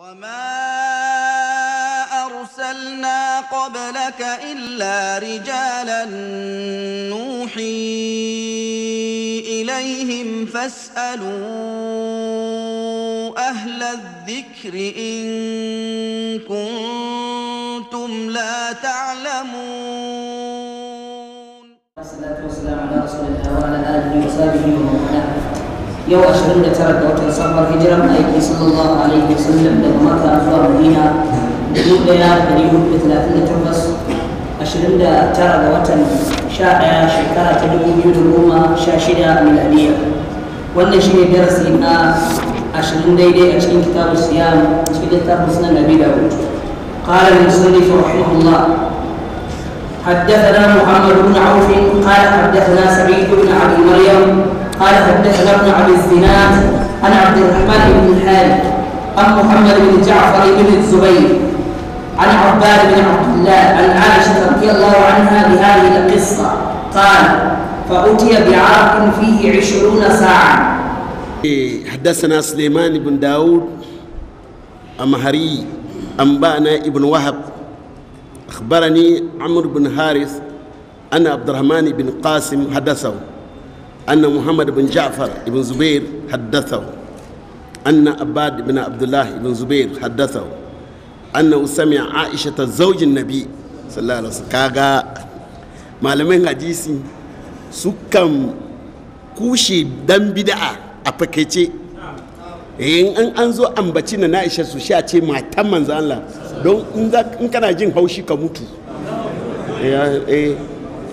وما أرسلنا قبلك إلا رجالا نوحي إليهم فاسألوا أهل الذكر إن كنتم لا تعلمون. والصلاة والسلام على رسول الله وعلى آله وصحبه ومن والاه. yau 29 ga watan safar hijiran aiki sallallahu alaihi wasallam daga maka zuwa madina 1438 29 ga watan 11 shekara ta 2016 miladiyya wannan shi ne darasi na 20 daidai a cikin kitabu siyam cikin littafin sunan nabi dawud قال المصنف رحمه الله حدثنا محمد بن عوف قال حدثنا سعيد بن عبد مريم قال حدثنا ابن عبد الزناد عن عبد الرحمن بن الحارث عن محمد بن جعفر بن الزبير عن عباد بن عبد الله عن عائشه رضي الله عنها بهذه القصه قال فأتي بعرق فيه عشرون ساعة حدثنا سليمان بن داود أمهري أنبأنا ابن وهب أخبرني عمرو بن حارث أن عبد الرحمن بن قاسم حدثه أن محمد بن جعفر بن زبير حدثه أن أباد بن عبد الله بن زبير حدثه أنه سمع عائشة زوج النبي صلى الله عليه وسلم كاغا malamin hadisi sukan kushe dan bida'a a in an an zo ambaci na na'isha su sha ce matan manzo Allah don in kana jin haushi ka mutu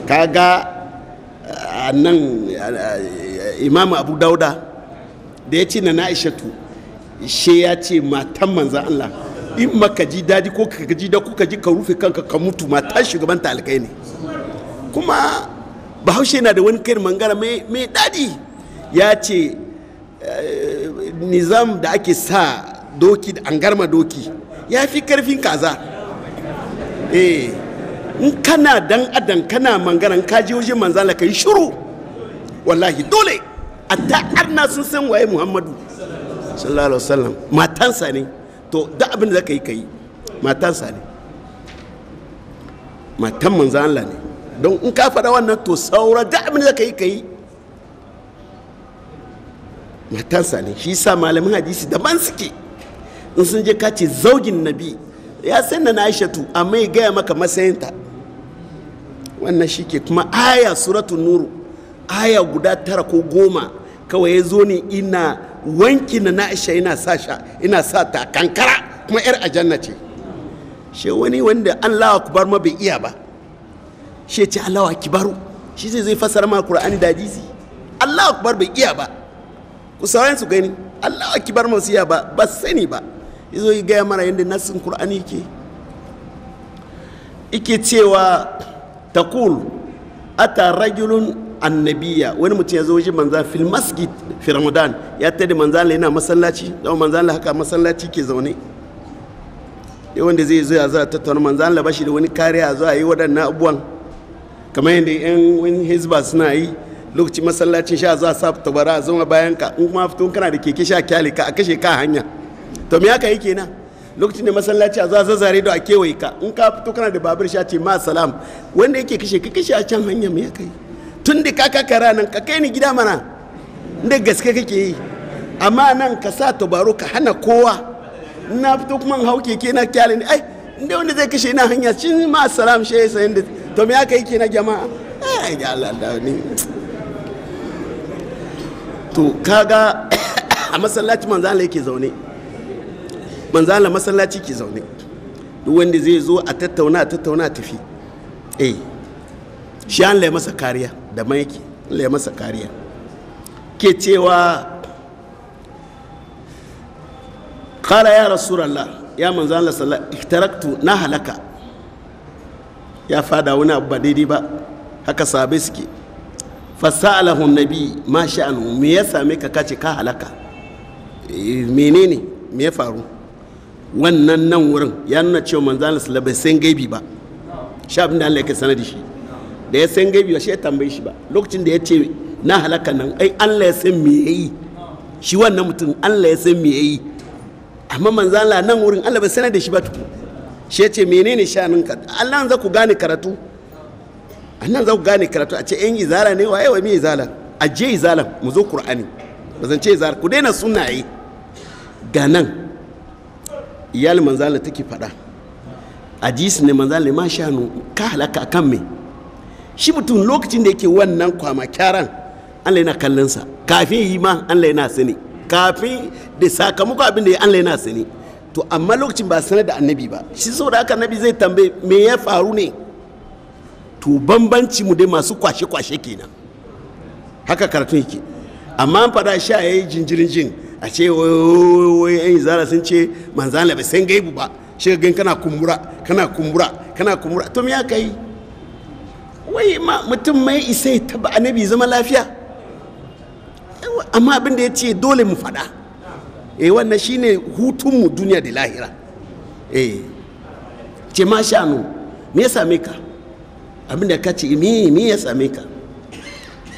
kaga nan eh, imamu abu dauda da ya ce na na'ishatu she ya ce matan manzan allah in maka ji daji ko ka ji da kuka ji ka rufe kanka ka mutu matan shugaban talikai ne kuma bahaushe na da wani kai mangara mai daɗi ya ce eh, nizam da ake sa doki da garma doki ya fi karfin kaza eh in kana dan adam kana mangaran kaji wajen manzala ka yi shuru wallahi dole hatta arna sun san waye muhammadu sallallahu alaihi wasallam matansa ne to duk abin da zaka yi kai matansa ne matan manzan Allah ne don in ka faɗa wannan to saura duk abin da zaka yi kai matansa ne shi sa malamin hadisi daban suke in sun je ka ce zaugin nabi ya san na tu amma ya gaya maka matsayinta wannan shi ke kuma aya suratu nuru aya guda tara ko goma kawai ya zo ina wanki na na'isha ina sa sha ina sa ta kankara kuma yar ajanna ce she wani wanda Allah ma bai iya ba she ce Allah shi zai fasar ma Qur'ani da hadisi Allah kubar bai iya ba ku sauran su gani Allah kibar ma su iya ba ba sani ba yazo ya gaya mara yadda nassin Qur'ani yake cewa taqul ata annabiya wani mutum ya zo wajen manza fil masjid ya tada manza yana masallaci dan manza Allah haka masallaci ke zaune dai zai zo ya za tattauna manza wani kariya zo yi waɗannan abubuwan kamar yadda yan wani hizba suna yi lokacin masallacin sha za sa tabara a zama ka in fito kana da keke sha kyale ka a hanya to me haka yake nan lokacin da masallaci a za zazzare da a kewaye ka in ka fito kana da babur sha ce ma salam wanda yake kashe ka kashe a can hanya mai kai tun da ka kaka nan ka kai ni gida mana inda gaske kake yi amma nan ka sa tabaro ka hana kowa na fito kuma in hau keke na kyale ni ai inda wanda zai kashe na hanya cin ma salam shi ya sayin da to me aka yi ke na jama'a ai da Allah da ni to kaga a masallaci manzo Allah yake zaune manzo Allah masallaci ke zaune duk wanda zai zo a tattauna a tattauna a tafi eh shi an lai masa kariya da maiki lai masa kariya ke cewa kala ya rasulallah ya manzo Allah sallallahu alaihi na halaka ya fada wani abu ba daidai ba haka sabai suke fasalahun nabi ma sha'anu me ya same ka kace ka halaka eh, menene me ya faru wannan nan wurin ya nuna cewa manzan Allah bai san gaibi ba shi abin da Allah yake sanar da shi da ya san gaibi ba shi ya tambaye shi ba lokacin da ya ce na halaka nan ai Allah ya san me yayi shi wannan mutum Allah ya san me yayi amma manzan Allah nan wurin Allah bai sanar da shi ba tuku shi ya ce menene shanin ka Allah za ku gane karatu annan za ku gane karatu a ce yan izala ne waye wa me izala a je izala mu zo qur'ani ba zan ce izala ku daina sunaye yi ga nan iyalin manzala take faɗa hadisi ne manzala ma shanu ka halaka akan me shi mutum lokacin da yake wannan kwama kyaran Allah yana kallon sa kafin yi ma Allah yana sani kafin da sakamako abin da Allah yana sani to amma lokacin ba sanar da annabi ba shi saboda haka annabi zai tambaye me ya faru ne to bambanci mu dai masu kwashe-kwashe kenan haka karatu yake amma an fada sha yayi jinjirin jin a ce wai yan izara sun ce manzana bai san gaibu ba shi gan kana kumbura kana kumbura kana kumbura to me ya kai wai ma mutum mai isa ya taba annabi zama lafiya amma abin da ya ce dole mu faɗa eh wannan shine hutunmu duniya da lahira eh ce ma shanu me ya same ka abin da ka ce me me ya same ka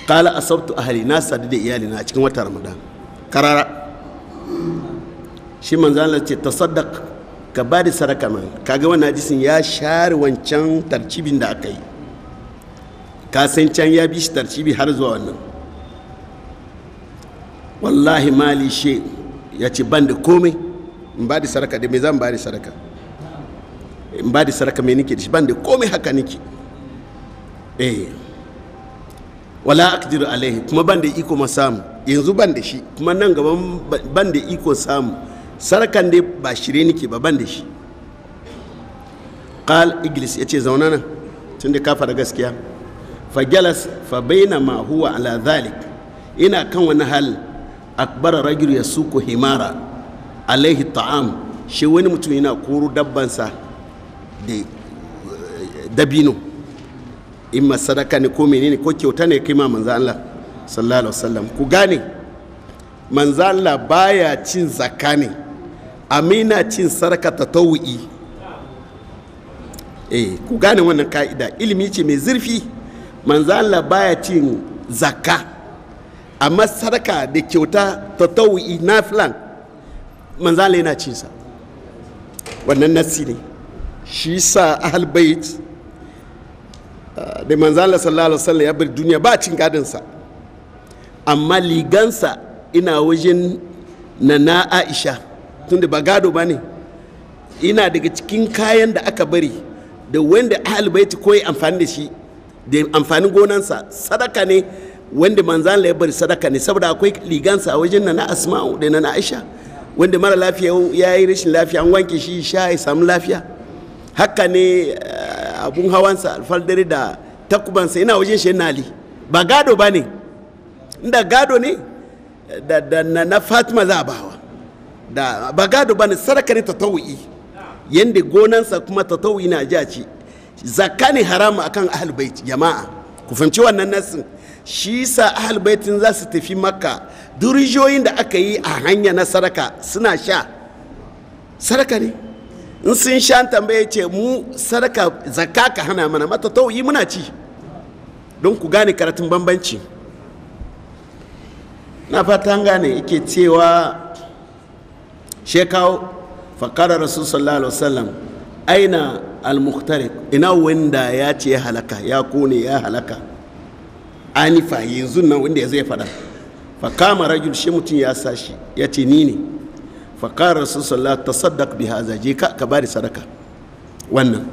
qala asabtu ahli na sadu da iyalina a cikin watan ramadan karara shi manzo Allah ce tasaddaq ka ba da saraka man kaga wani hadisin ya share wancan tarcibin da aka yi ka san can ya bi shi tarcibi har zuwa wannan wallahi mali she ya ci ban da komai in ba da saraka da me zan ba da saraka in ba da saraka me nake da shi ban da komai haka nake eh wala aqdiru alaihi kuma ban da iko ma samu yanzu ban da shi kuma nan gaban ban da iko samu sarkan dai ba shirye nake ba ban da shi qal iglis yace zauna nan da ka fara gaskiya fa jalas fa bainama huwa ala dhalik ina kan wani hal akbara rajul yasuku himara alaihi ta'am shi wani mutum yana koro dabbansa da eh, dabino in ma sadaka ne ko menene ko kyauta ne kai ma manzo Allah sallallahu alaihi wasallam ku gane manzo Allah baya cin zakani amina cin sarka ta tawu'i eh ku gane wannan ka'ida ilimi ce mai zurfi manzala Allah baya cin zakka amma sarka da kyauta ta tawu'i na filan Allah yana cin sa wannan nassi ne shi sa ahal bait eh, da manzo Allah sallallahu alaihi wasallam ya bar duniya ba cin gadin sa amma ligansa ina wajen na Aisha tunda ba gado ba ne ina daga cikin kayan da aka bari da wanda ahalibaiti ko yi amfani da shi da amfanin gonansa sadaka ne wanda manzan ya bari sadaka ne saboda akwai ligansa a wajen na asma'u da na aisha wanda mara lafiya ya yi rashin lafiya an wanke shi sha ya samu lafiya haka ne eh, abun hawansa alfaldari da takubansa ina wajen shi nali ba gado ba ne inda gado ne da na fatima za a bawa da ba gado ne sadaka ne tatawu'i yanda gonansa kuma tatawu'i na ji ce ci zakka ne haramu akan ahal bai jama'a ku fahimci wannan nasin shi sa ahal tun za su tafi makka durijoyin da aka yi a hanya na sadaka suna sha sadaka ne in sun sha tambaye ce mu sadaka zakka ka hana mana mata tauyi muna ci don ku gane karatun bambanci na fata gane yake cewa Shekau, kawo faƙarar rasul sallallahu alaihi wasallam aina al ina wanda ya ce ya halaka ya kone ya halaka anifa yanzu nan wanda ya zai faɗa fakama rajul shi mutum ya sashi ya ce ni ne fakara rasul sallallahu ta saddaq bi haza je ka ka bari sadaka wannan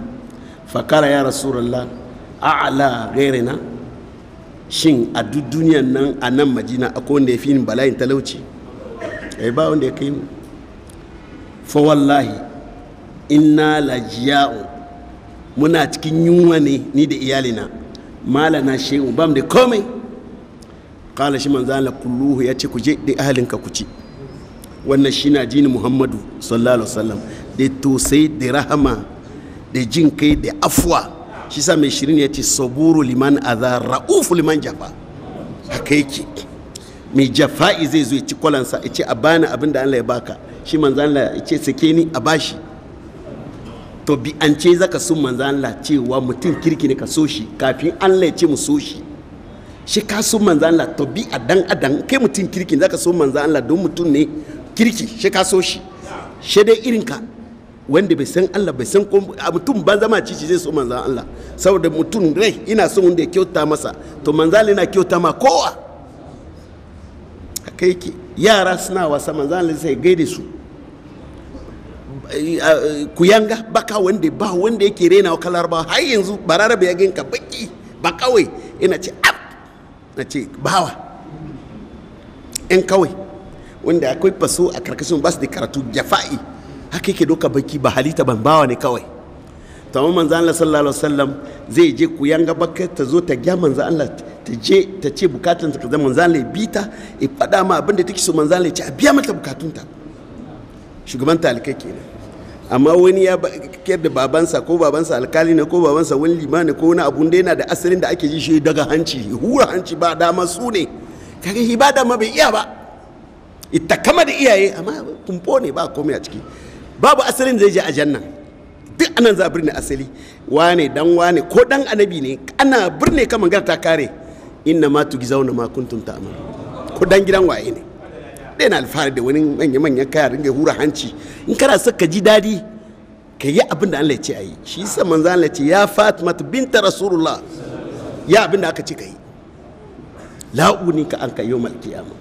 fakara ya rasulullah a'la ghairina shin a duk duniyan nan a nan majina akwai wanda ya fi ni bala'in talauci ai eh, ba wanda ya kai mu fa wallahi inna lajiya'u muna cikin yunwa ne ni da iyalina malana shehu bam da komai kala shi manzo la kulluhu ya ce ku je da ahalinka ku ci wannan shi na jini muhammadu sallallahu alaihi wasallam da tosai da rahama da jin kai da afuwa shi sa mai shirin ya ce saburu liman azar ra'ufu liman jafa haka yake mai jafa'i zai zo ci kwalansa ya ce a bani abin da Allah ya baka shi manzan Allah ya ce sake ni a bashi to bi an ce zaka sun manzan Allah cewa mutum kirki ne ka so shi kafin Allah ya ce mu so shi shi ka sun manzan Allah to bi a dan adan kai mutum kirki zaka sun manzan Allah don mutum ne kirki shi ka so shi shi dai irin ka wanda bai san Allah bai san ko mutum ban zama cici zai so manzan Allah saboda mutum rai ina son wanda ya kyauta masa to manzan Allah yana kyauta ma kowa kai ki yara suna wasa manzan Allah sai gaida su eh, eh, ku yanga baka wanda ba wanda yake rena wa kalar ba har yanzu bararabe ya ginka baki ba kawai ina ce ab na ce bawa in kawai wanda akwai faso a karkashin basu da karatu jafa'i haka yake doka baki ba halita ban bawa ne kawai tamu manzan manzo Allah sallallahu alaihi wasallam zai je ku yanga baka ta zo ta gya manzan Allah ta je ta ce bukatun ta zama manzan lai bi ta ya faɗa ma abinda take so manzan lai ce a biya mata bukatunta shugaban talikai kenan amma wani ya kiyar da babansa ko babansa alkali ne ko babansa wani limani ko wani abun da yana da asirin da ake ji shi daga hanci hura hanci ba dama su ne kaga shi ba dama bai iya ba ita kama da iyaye amma kumfo ne ba komai a ciki babu asirin zai je a jannan duk anan za birni asali wane dan wane ko dan anabi ne ana birni kamar ta kare inna ma gizauna ma kuntum ta'mal ko dan gidan waye ne dai na alfahari da wani manya manyan kaya ringa hura hanci in kana so ka ji dadi ka yi abin da Allah ya ce a yi shi yasa manzo Allah ya ce ya Fatima binta Rasulullah ya abin da aka ce ka yi la'uni ka an ka yawmal qiyamah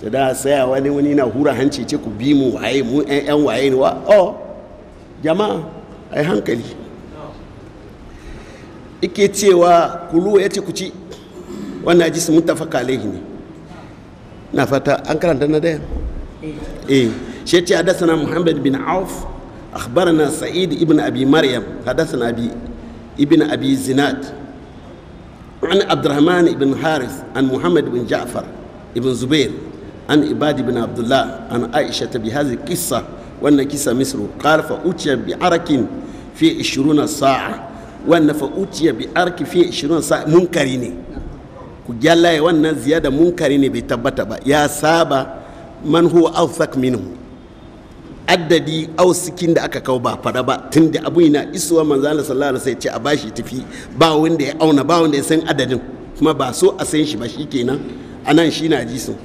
da da saya wani wani na hura hanci ce ku bi mu waye mu ɗan waye ne wa oh jama'a ai hankali ike cewa kulu ya ce ku ci wannan hadisi muttafaq alaihi ne na fata an karanta na daya eh. eh shi yace hadathana muhammad bin auf akhbarana sa'id ibn abi maryam hadathana abi ibn abi zinad عن عبد الرحمن بن حارث عن محمد بن جعفر بن زبير عن عباد بن عبد الله عن عائشة بهذه القصة وأن كيسة مصر قال فأتي بعرك في عشرون ساعة وأن فأتي بعرك في عشرون ساعة منكرين ku gyallaye wannan ziyada munkari ne bai tabbata ba ya saba man huwa awthaq minhu addadi ausikin da aka kawo ba fada ba tun da abu yana isuwa manzo Allah sallallahu alaihi ce a bashi tafi ba wanda ya auna ba wanda ya san adadin kuma ba so a san shi ba a anan shi na ji sun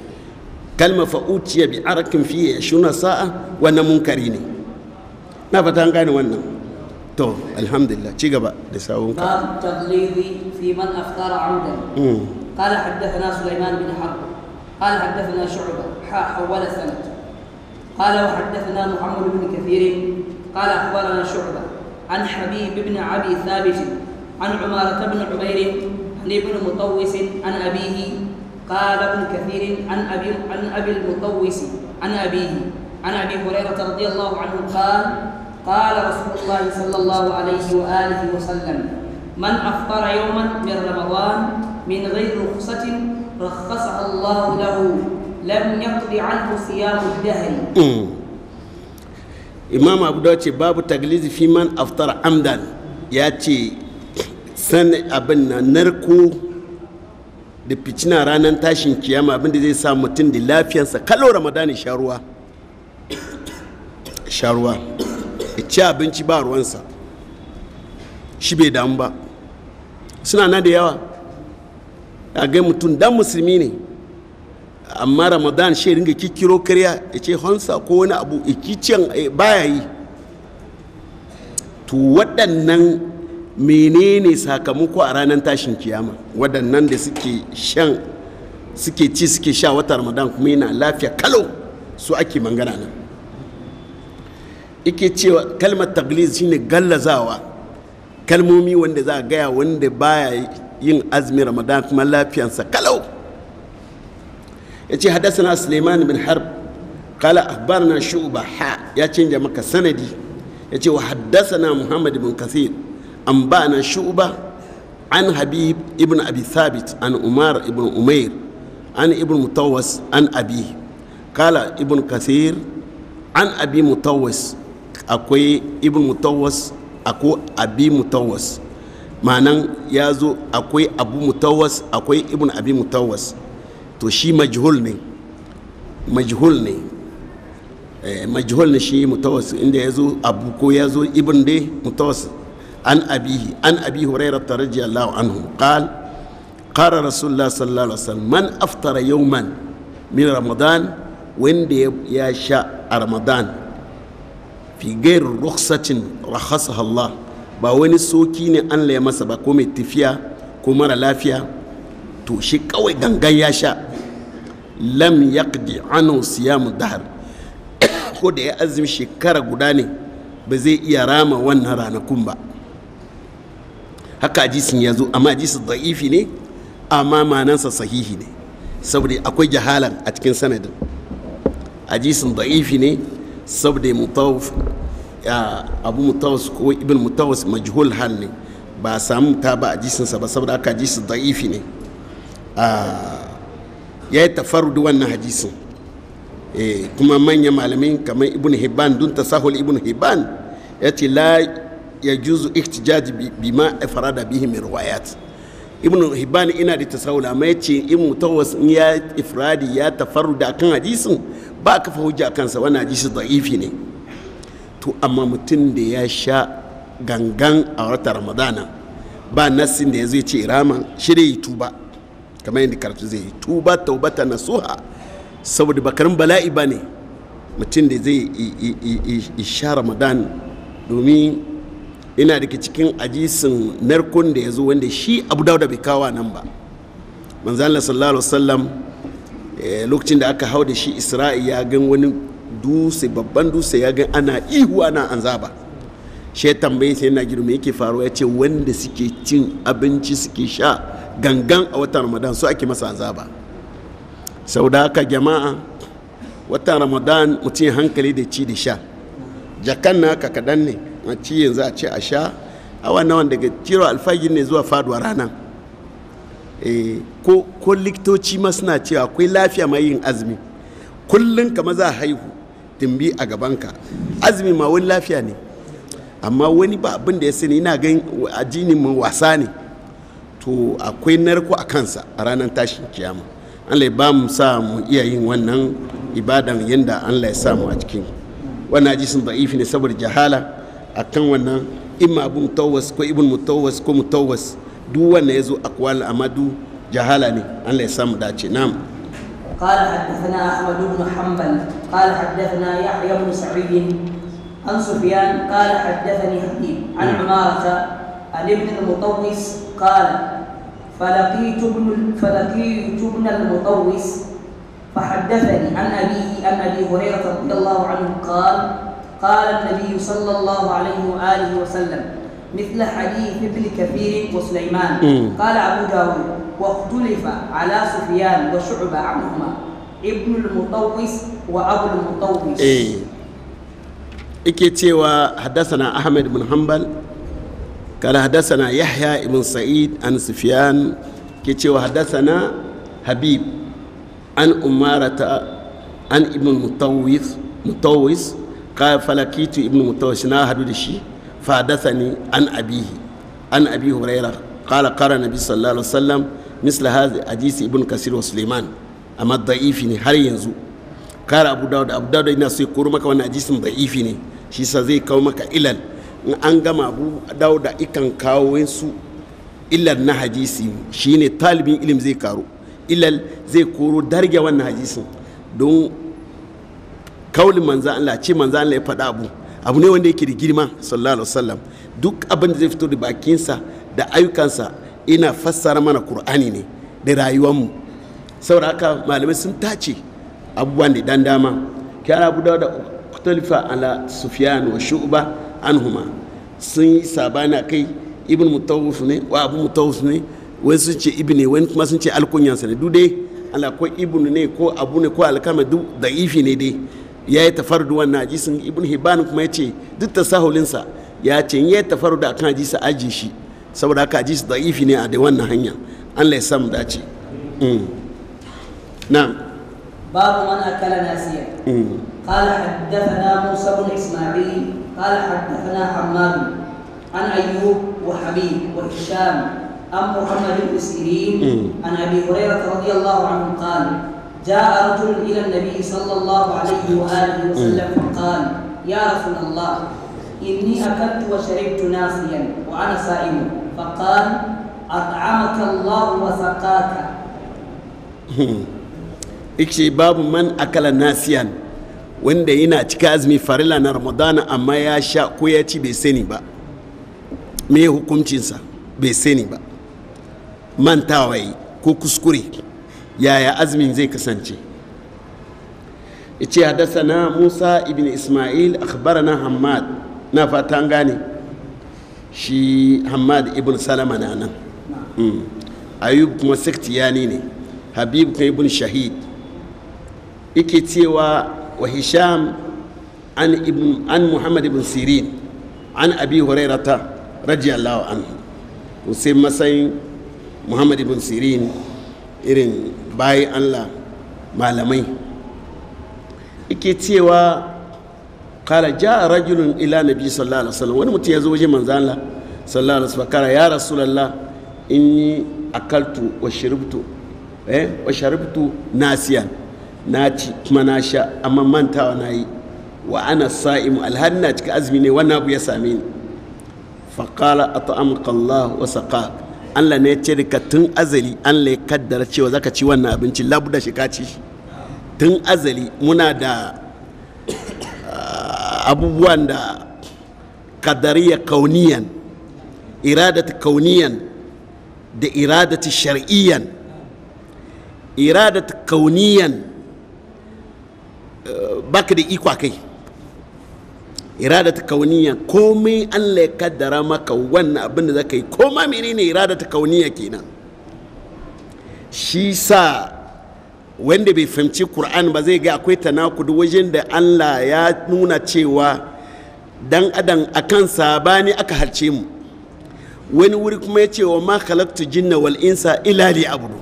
kalma fa'uciya bi arakin fiye ya shuna sa'a wannan munkari ne na fata an gane wannan to alhamdulillah ci gaba da sawunka ba fi man aftara amdan hmm. قال حدثنا سليمان بن حرب قال حدثنا شعبة حا حول سنة قال وحدثنا محمد بن كثير قال أخبرنا شعبة عن حبيب بن أبي ثابت عن عمارة بن عبير عن ابن مطوس عن أبيه قال ابن كثير عن أبي عن أبي المطوس عن أبيه عن أبي هريرة رضي الله عنه قال قال رسول الله صلى الله عليه وآله وسلم من أفطر يوما من رمضان من غير رخصة رخصها الله له لم يقضي عنه صيام الدهر imam abu da ce babu taglizi fi man aftar amdan ya ce san abin na narko da ficina ranar tashin kiyama abin da zai sa mutum da lafiyansa kalo ramadani sharuwa sharuwa ya ci abinci ba ruwansa shi bai damu ba suna na da yawa a ga mutum dan musulmi ne amma ramadan shi ringa kikiro karya ya ce hansa ko wani abu ikicin eh, baya yi to waɗannan menene sakamako a ranar tashin kiyama waɗannan da suke shan suke ci suke sha wata ramadan kuma yana lafiya kalo su ake mangana nan ike cewa kalmar taglis shine gallazawa kalmomi wanda za a gaya wanda baya yin azumin ramadan kuma lafiyansa kalau ya ce haddasa suleiman bin harb kala akbar na shuba ha ya canja maka sanadi ya ce wa haddasana na muhammad bin kasir an ba na shuba an habib ibn abi thabit an umar ibn umair an ibn mutawas an abi kala ibn kasir an abi mutawas akwai ibn mutawas akwai abi mutawas ma'anan ya zo akwai abu mutawas akwai ibn abi mutawas to shi majhul ne majhul ne eh, majhul ne shi mutawas inda ya zo abu ko ya zo ibn dai mutawas an abihi an abi hurairah radiyallahu anhu qal qala rasulullah sallallahu alaihi wasallam man aftara yawman min ramadan wanda ya sha a ramadan fi ghairi rukhsatin rakhasaha Allah ba wani soki ne Allah ya masa ba ko mai tafiya ko mara lafiya to shi kawai gangan ya sha lam yaqdi anu mu dahar ko da ya azumi shekara guda ne ba zai iya rama wannan ranakun ba haka ajisin ya zo amma ajisin da'ifi ne amma manansa sahihi ne saboda akwai jahalan a cikin sanadin ajisin da'ifi ne saboda mutawuf abu mutawas ko ibn mutawas majhul hal ba samu ta ba a jisinsa ba saboda aka jisin da'ifi ne ya yi tafarudu wannan hadisin e, kuma manyan malamin kamar ibn hibban dun tasahul ibn hibban ya ce la ya juzu bi bima ifarada bihi min riwayat ibn hibban ina da ta amma ya ce ibn mutawas in ya ifradi ya tafaruda akan hadisin ba kafa hujja kansa wannan hadisi da'ifi ne to amma mutum da ya sha gangan a wata ramadana ba nassin da ya zai ce rama shirya yi tuba kamar yadda karatu zai yi tuba taubata na suha saboda bakarin bala'i ba ne mutum da zai sha ramadan domin ina ke cikin ajisin narkon da ya zo wanda shi abu dauda bai kawa nan ba manzan sallallahu alaihi wasallam eh, lokacin da aka hau da shi isra'i ya gan wani dutse babban dutse ya ga ana ihu ana an zaba shi tambaye sai na girma yake faruwa ya ce wanda suke cin abinci suke sha gangan a watan ramadan su ake masa azaba sau da haka jama'a watan ramadan mutum hankali da ci da sha jakan na haka kadan ne a ci yanzu a ce a sha awa nawa daga ciro alfajir ne zuwa faduwa rana eh, ko likitoci ma suna cewa akwai lafiya mai yin azumi kullum kama za a haihu tumbi a gaban ka azumi ma wani lafiya ne amma wani ba abin da ya sani ina gan ajini mu wasa ne to akwai narko a kansa a ranar tashin kiyama an ya ba mu sa mu iya yin wannan ibadan yadda an ya sa mu a cikin wannan sun da'ifi ne saboda jahala a kan wannan imma abin tawas ko mu tawas ko tawas duk wannan ya zo akwal amadu jahala ne an ya sa mu dace na'am قال حدثنا أحمد بن حنبل قال حدثنا يحيى بن سعيد عن سفيان قال حدثني حبيب عن نعم. عمارة عن ابن المطوس قال فلقيت ابن فلقيت ابن المطوس فحدثني عن أبيه عن أبي هريرة رضي الله عنه قال قال النبي صلى الله عليه وآله وسلم مثل حديث ابن كثير وسليمان قال أبو داود واختلف على سفيان وشعبة عنهما ابن المطوس وأبو المطوس إيه ike cewa haddasana ahmed bin hanbal kala haddasana yahya ibn sa'id an sufyan ke cewa haddasana habib an umarata an ibn mutawis mutawis ka falakitu ibn mutawis na hadu da shi fa haddasani an abihi an abi hurairah qala qara nabi sallallahu alaihi wasallam misla hadisi ibn kasir wa suleiman amma da'ifi ne har yanzu kara abu dawud abu dawud ina so ya koro maka wannan hadisin da'ifi ne shi sa zai kawo maka ilal an gama abu dawud ikan kawo su ilal na hadisi shine talibin ilim zai karo ilal zai koro darge wannan hadisin don kaulin manzan Allah ce manzan ya faɗa abu abu ne wanda yake da girma sallallahu alaihi wasallam duk abin da zai fito da bakinsa da ayyukansa ina fassara mana kur'ani ne da rayuwanmu saboda haka malamai sun tace abubuwan da dan dama kyara abu da kutalifa ala sufiyan wa shu'ba anhuma sun yi a kai ibn mutawuf ne wa abu mutawuf ne wani sun ce ne wani kuma sun ce alkunyansa ne duk dai ala ko ibn ne ko abu ne ko alkama duk ifi ne dai ya yi tafardu wannan sun, ibn hibban kuma ya ce duk tasahulinsa ya ce ya yi tafardu ji sa, ajiye shi saboda haka su da'ifi ne a da wannan hanya Allah ya samu dace na باب من اكل ناسيا قال حدثنا موسى بن اسماعيل قال حدثنا حماد عن ايوب وحبيب وهشام عن محمد بن سيرين عن ابي هريره رضي الله عنه قال جاء رجل الى النبي صلى الله عليه واله وسلم فقال يا رسول الله اني اكلت وشربت ناسيا وانا صائم فقال أطعمك الله وسقاك ikshi babu man akala nasiyan wanda yana cika azumi farila na ramadana amma ya sha ko ya ci bai sani ba me hukuncinsa bai sani ba mantawa yi ko kuskure yaya azumin zai kasance ya ce na musa ibn ismail akhbarana hammad na fata gane shi hamad ibn salama na nan mm. ayub kuma sektiyani ne habib kuma ibn shahid ike cewa wa hisham an, ibn, an muhammad ibn sirin an abi hurairata radiyallahu anhu sai matsayin muhammad ibn sirin irin bayan allah malamai ike cewa kala ja rajulun ila nabi sallallahu alaihi wasallam wani mutum ya zo eh, sha amma mantawa na yi wa ana sa'im azumi ne wannan ya ni Allah ne ya ce tun azali kaddara cewa zaka ci wannan abincin labuda shi ka ci tun azali muna da abubuwan da kadariya kauniyan iradati kauniyan da iradati shar'iyyan iradati kauniyan eh, baka da ikwa kai iradati kauniyan komai allah ya kaddara maka wannan abin da za ka yi koma menene iradati kauniya kenan shi sa wanda bai fahimci Kur'an ba zai ga akwai tanakudu wajen da Allah ya nuna cewa dan adam akan sabani aka halce mu wani wuri kuma ya ce wa ma khalaqtu jinna wal insa ilali budu abudu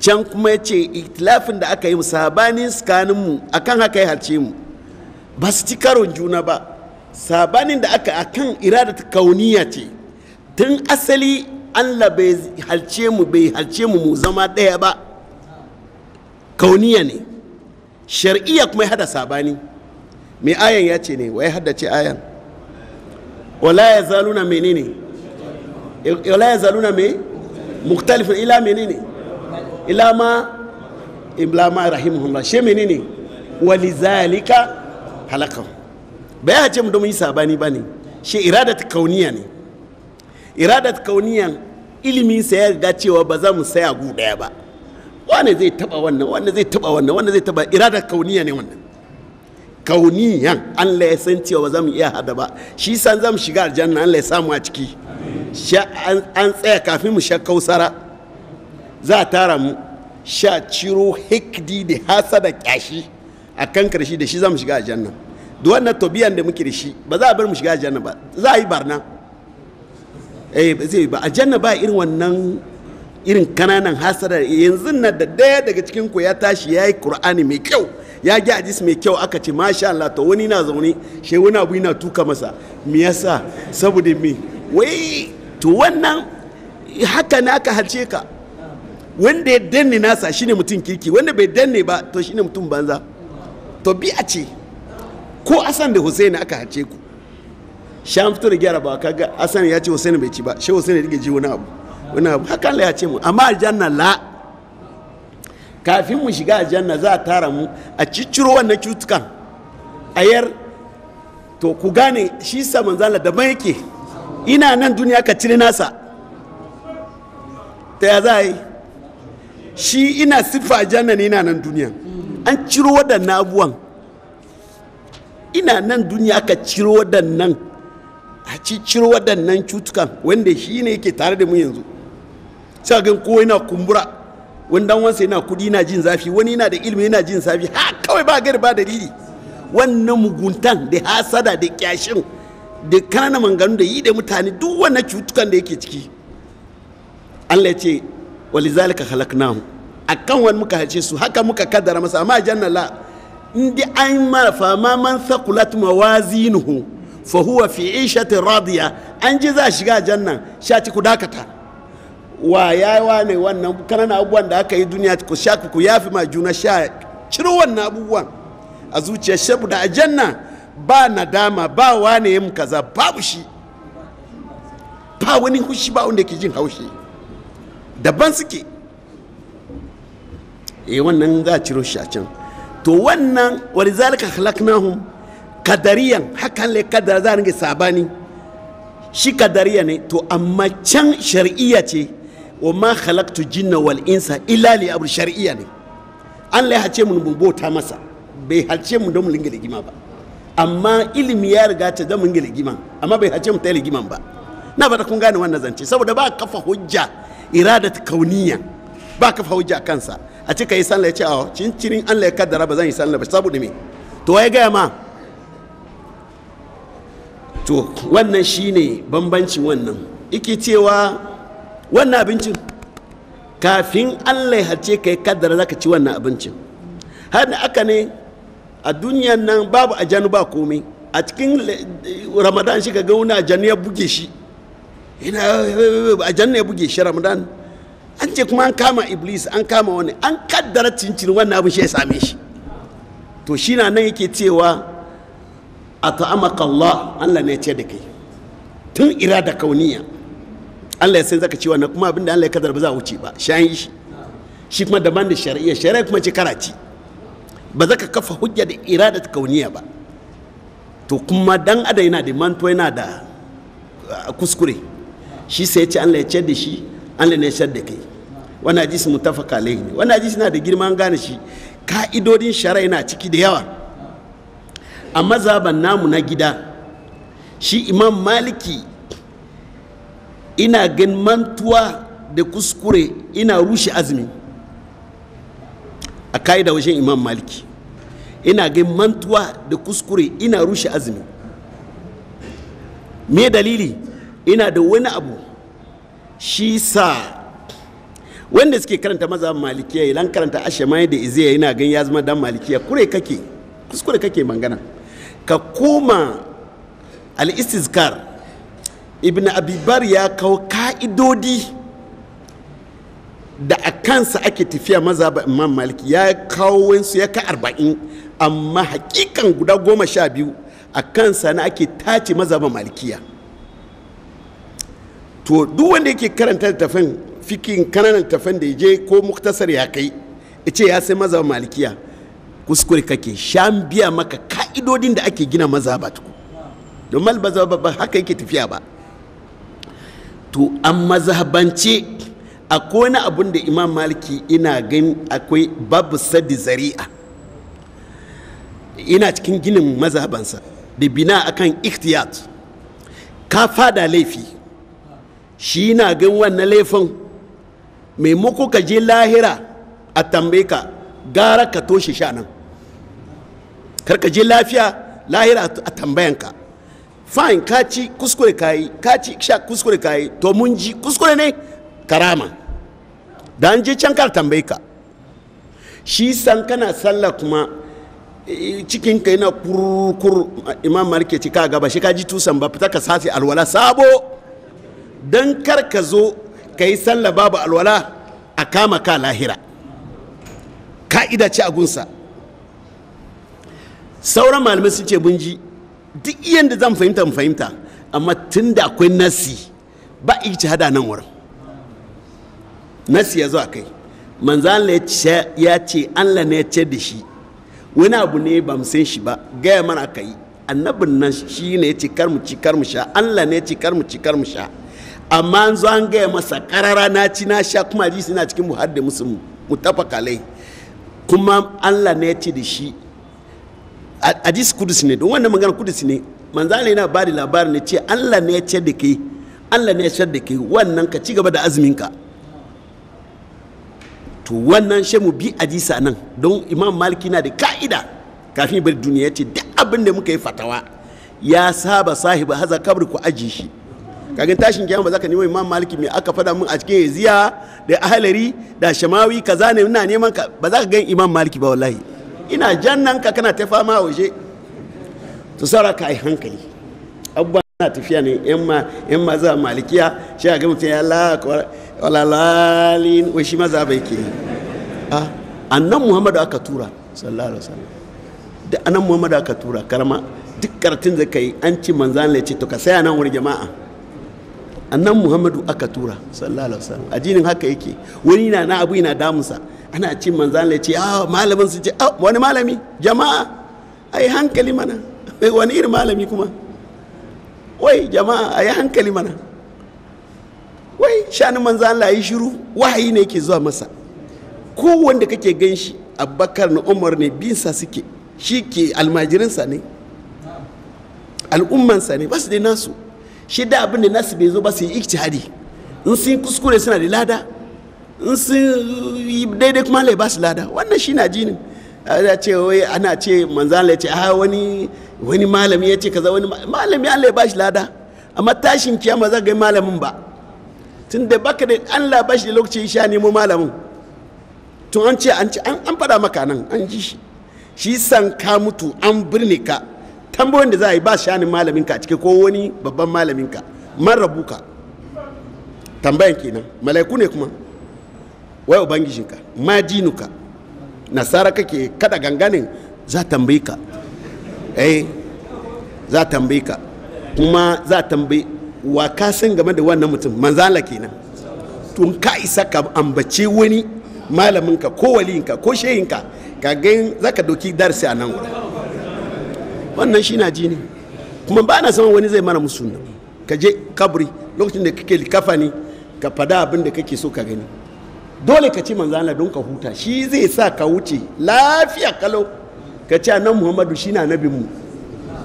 can kuma ya ce itilafin da aka yi mu sabani tsakanin mu akan haka ya halce mu ba su ci karon juna ba sabanin da aka akan irada kauniya ce tun asali Allah bai halce mu bai halce mu mu zama ɗaya ba kauniya ne shari'iyya kuma ya hada sabani mai ayan ya ce ne wa ya haddace ayan wala ya zaluna menene wala ya zaluna me muktalifin ila menene ila ma ila ma rahimahullah she menene walizalika halakan bai ya ce mu domin yi sabani ba ne shi iradat kauniya ne iradat kauniyan ilimin sa ya riga cewa ba za mu saya gu daya ba wane zai taba wannan wanda zai taba wannan wanda zai taba irada kauniya ne wannan kauniyan Allah ya san cewa za mu iya hada ba shi san za mu shiga aljanna Allah ya samu a ciki an tsaya kafin mu sha kausara za a tara mu sha ciro hikdi da hasa da kyashi a kan karshe da shi za mu shiga aljanna da wannan tobiyan da muke da shi ba za a bar mu shiga aljanna ba za a yi barna eh zai ba aljanna ba irin wannan irin kananan hasara yanzu na da daya daga cikin ku ya tashi ya yi qur'ani mai kyau ya ji hadis mai kyau aka ce masha Allah to wani na zaune shi wani abu yana tuka masa me yasa saboda me wai to wannan haka na aka halce ka wanda ya danne nasa shine mutum kirki wanda bai danne ba to shine mutum banza to bi a ce ko asan da husaini aka halce ku sha fito da gyara ba kaga asan ya ce Husaini bai ci ba shi Husaini ya rige ji wani abu wani abu hakan ya ce mu amma aljanna la kafin mu shiga aljanna za a tara mu a cicciro wannan cutukan ayar to ku gane shi zala da daban yake ina nan duniya ka cire nasa ta ya za a yi shi ina siffa aljanna ne ina nan duniya an ciro waɗannan abuwan ina nan duniya ka ciro waɗannan a ciro waɗannan cutukan wanda shi ne yake tare da mu yanzu sai ga ko yana kumbura wani dan wansa yana kudi yana jin zafi wani yana da ilimi yana jin zafi ha kawai ba gari ba dalili wannan muguntan da hasada da kyashin da kanana manganu da yi da mutane duk wannan cutukan da yake ciki Allah ya ce walizalika halaknahu akan wani muka hace su haka muka kaddara masa amma janna la in dai an mara fama man thaqulat mawazinuhu fa huwa fi ishatin radiya an ji za shiga janna sha ci ku dakata wa ya wane wannan kanan abubuwan da aka yi duniya ku sha ku yafi ma juna sha ciro wannan abubuwan a zuciyar shabu da ajanna ba nadama ba wane yin kaza babu shi ba wani hushi ba wanda ke jin haushi daban suke e wannan za a ciro shi a can to wannan wani zalika halaknahum kadariyan hakan le kadara za a ringa sabani shi kadariya ne to amma can shari'iya ce wa ma khalaqtu jinna wal insa illa li abu shar'iyya ne an lai hace mun bubota bota masa bai hace mun don mun linga gima ba amma ilimi ya riga ta da mun linga gima amma bai hace mun ta gima ba na fata kun gane wannan zance saboda ba kafa hujja iradat kauniyya ba kafa hujja kansa a ce kai sallah ya ce a cincirin Allah ya kaddara ba zan yi sallah ba saboda me to ya ga ma to wannan shine bambancin wannan ike cewa wannan abincin kafin allah ya harce ka yi kaddara za ka ci wannan abincin har da aka ne a duniyan nan babu ajanu ba komai a cikin ramadan shi ka ga wani ajanu ya buge shi ina ajanu ya buge shi ramadan an ce kuma an kama iblis an kama wani an kaddara cincin wannan abin shi ya same shi to shi na nan yake cewa a ta'amaka allah allah ne ya ce da kai tun ira da kauniya Allah ya san zaka ci wannan kuma abinda Allah ya kadar ba za a wuce ba shayin shi shi kuma daban da shari'a shari'a kuma ce karaci ba zaka kafa hujja da irada ta kauniya ba to kuma dan ada yana da manto yana da ah, kuskure shi sai ya ce Allah ya ciyar da shi Allah ne ya shar da kai wani hadisi mutafaka alaihi ne wani hadisi na da girman gane shi ka'idodin shari'a na ciki da yawa amma zaban namu na gida shi imam maliki ina gan mantuwa da kuskure ina rushe azumi a ka'ida wajen imam maliki ina gan mantuwa da kuskure ina rushe azumi me dalili ina da wani abu shi sa wanda suke karanta maza malikiya ilan karanta ashamai da iziya yana gan ya zama dan malikiya kure kake kuskure kake mangana ka koma al-istizkar ibn abibar ya kawo ka'idodi da a kansa ake tafiya maza ba imam maliki ya kawo wansu ya ka arba'in amma hakikan guda goma sha biyu a kansa na ake tace maza ba malikiya to duk wanda yake karanta tafin fikin kananan tafin da ya je ko muktasar ya kai ya ce ya sai maza ba malikiya kuskure kake shan biya maka ka'idodin da ake gina maza ba tuku don mal ba haka yake tafiya ba to an mazhabance akwai wani abun da imam maliki ina gani akwai babu sadi zari'a ina cikin ginin mazhabansa da bina akan ikhtiyat ka fada laifi shi na gan wannan laifin maimako ka je lahira a tambaye ka gara ka toshe sha nan karka je lafiya lahira a tambayanka fine ka ci kuskure ka yi ka ci sha kuskure ka yi to mun ji kuskure ne karama da an je can kar tambaye ka shi san kana sallah kuma cikin ka yana kurkur imam malike ci ka gaba shi ka ji tusan ba fita ka sace alwala sabo dan kar ka zo ka yi sallah babu alwala a kama ka lahira ka'ida ce a gunsa sauran malamai sun ce bunji duk iya da zan fahimta mu fahimta amma tun da akwai nasi ba ikici hada nan wurin nasi ya zo a kai manzan ya ce allah ne ya ce da shi wani abu ne ba mu san shi ba gaya mana ka yi annabin nan shi ne ya ce kar mu ci kar mu sha allah ne ya ce kar mu ci kar mu sha amma an zo an gaya masa karara na ci na sha kuma ji suna cikin har da mu tafa kalai kuma allah ne ya ce da shi hadis kudus ne don wannan magana kudus ne manzala yana ba da labarin ne ce allah ne ya ce da kai allah ne ya ce da kai wannan ka ci gaba da azumin ka to wannan shi mu bi hadisa nan don imam maliki na da ka'ida kafin bari duniya ce duk abin da muka yi fatawa ya saba sahibi haza kabri ku aji shi kagin tashin kiyama zaka nemo imam maliki mai aka fada mun a cikin yaziya da ahalari da shamawi kaza ne ina neman ka ba za ka ga imam maliki ba wallahi ina ka kana ta fama waje to saura ka yi hankali abubuwa na tafiya ne yan maza malikiya shi a gamta ya lalalin wai shi maza bai ke yi annan muhammadu aka tura sallallahu alaihi wasallam da annan muhammadu aka tura karama duk karatun da kai an ci manzan lai ce to ka saya nan wani jama'a annan muhammadu aka tura sallallahu alaihi wasallam ajinin haka yake wani na na abu yana damunsa ana ci manzan ce ah malamin su ce ah wani malami jama'a ai hankali mana wani irin malami kuma wai jama'a ai hankali mana wai shanin manzan Allah yi shiru wahayi ne ke zuwa masa ko wanda kake gan shi abubakar na umar ne binsa suke shi ke almajirinsa ne al'ummansa ne ba su dai nasu shi da abin da nasu bai zo ba su yi ijtihadi in sun kuskure suna da lada in sun daidai kuma lai ba su lada wannan shi na jini ana ce wai ana ce manzan ya ce a ah, wani wani malami ya ce kaza wani malami an ya ba shi lada amma tashin kiyama za ga malamin ba tun da baka da Allah ba shi lokaci sha nemo malamin tun an ce an ce an fada maka nan an ji shi shi san ka mutu an birni ka tambayoyin da za a yi ba shanin malamin ka cike ko wani babban malamin ka man ka tambayan kenan mala'iku ne kuma wai ubangijinka ma dinuka nasara kake kada ganganin za tambayi ka eh za tambayi ka kuma za tambayi wa ka san game da wannan mutum manzala kenan tun ka isa ka ambace wani malaminka ko waliyinka ko shehinka ka ga za ka doki darsi a nan wurin wannan shi na ji kuma ba na san wani zai mana musu ka je kabri lokacin da kake likafani ka fada abin da kake so ka gani dole ka ci manzana don ka huta shi zai sa ka wuce lafiya kalau ka ci annabi Muhammadu shi na nabinmu mu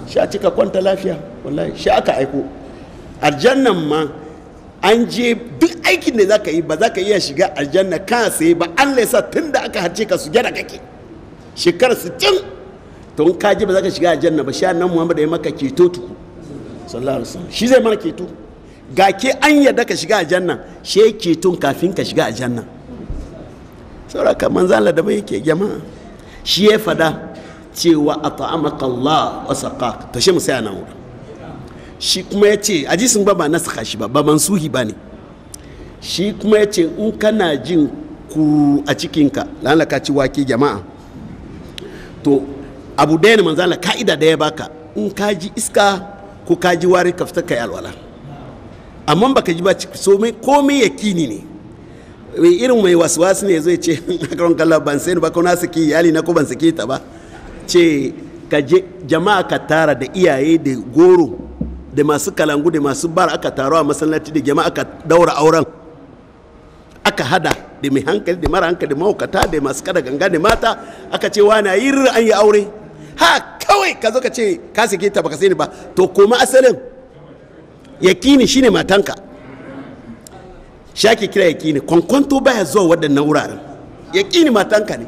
sha cika kwanta lafiya wallahi shi aka aiko aljannan ma an je duk aikin da zaka yi ba za ka iya shiga aljanna kan sai ba Allah ya sa da aka harce ka su gyara kake shekara su to in ka je ba za ka shiga aljanna ba a nan Muhammadu ya maka keto tuku sallallahu alaihi wasallam shi zai mana keto ga ke an yarda ka shiga aljanna she keton kafin ka shiga aljanna sauraka manzo Allah da bai yake jama'a shi ya fada cewa at'amaka Allah wa saka to shi mu sai nan shi kuma ya ce jisun ba ba saka shi ba ba mansuhi ba ne shi kuma ya ce in kana jin ku a cikinka lalla ka ci wake jama'a to abu daya ne manzala ka'ida ya baka in ka ji iska ko ka ji wari ka fita yi alwala amma baka ji ba so komai yakini ne irin mai waswasu ne zai ce akaron kalla ban sai ba ko na saki iyali na ko ban saki ta ba ce ka je jama'a ka tara da iyaye da goro da masu kalangu da masu bar aka taro a masallaci da jama'a ka daura auren aka hada da mai hankali da mara hankali da mahaukata da masu kada ganga da mata aka ce wa na yi an yi aure ha kawai ka zo ka ce ka sake ta sai sani ba to koma asalin yakini shine matanka shaki kira yakini kwankwanto baya zuwa waɗannan wuraren yakini matanka ne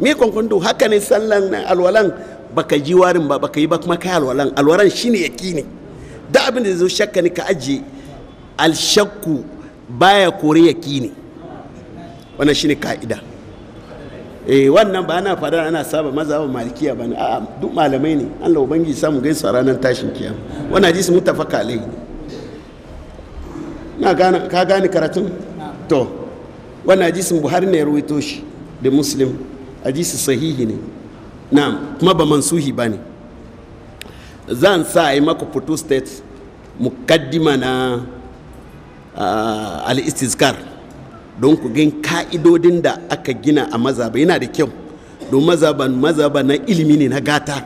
me kwankwanto haka ne sallan alwalan baka ji warin ba baka yi ba kuma kai alwalan alwalan shine yakini da abin da zo shakka ne ka ajiye alshakku baya kore yakini wannan shine ka'ida eh wannan ba ana fada ana saba mazhabin malikiya ba ne a'a duk malamai ne Allah ubangiji samu gaisa ranar tashin kiyama wannan hadisi mutafaka alaihi ka gane karatun to wannan hadisin buhari ne ya rawaito shi da muslim hadisi sahihi ne na kuma ba mansuhi ba ne zan sa a yi maka photo state mukaddima na uh, al-istizkar don ku gan ka'idodin da aka gina a mazaba yana da kyau don mazaban mazaba na ilimi ne na gata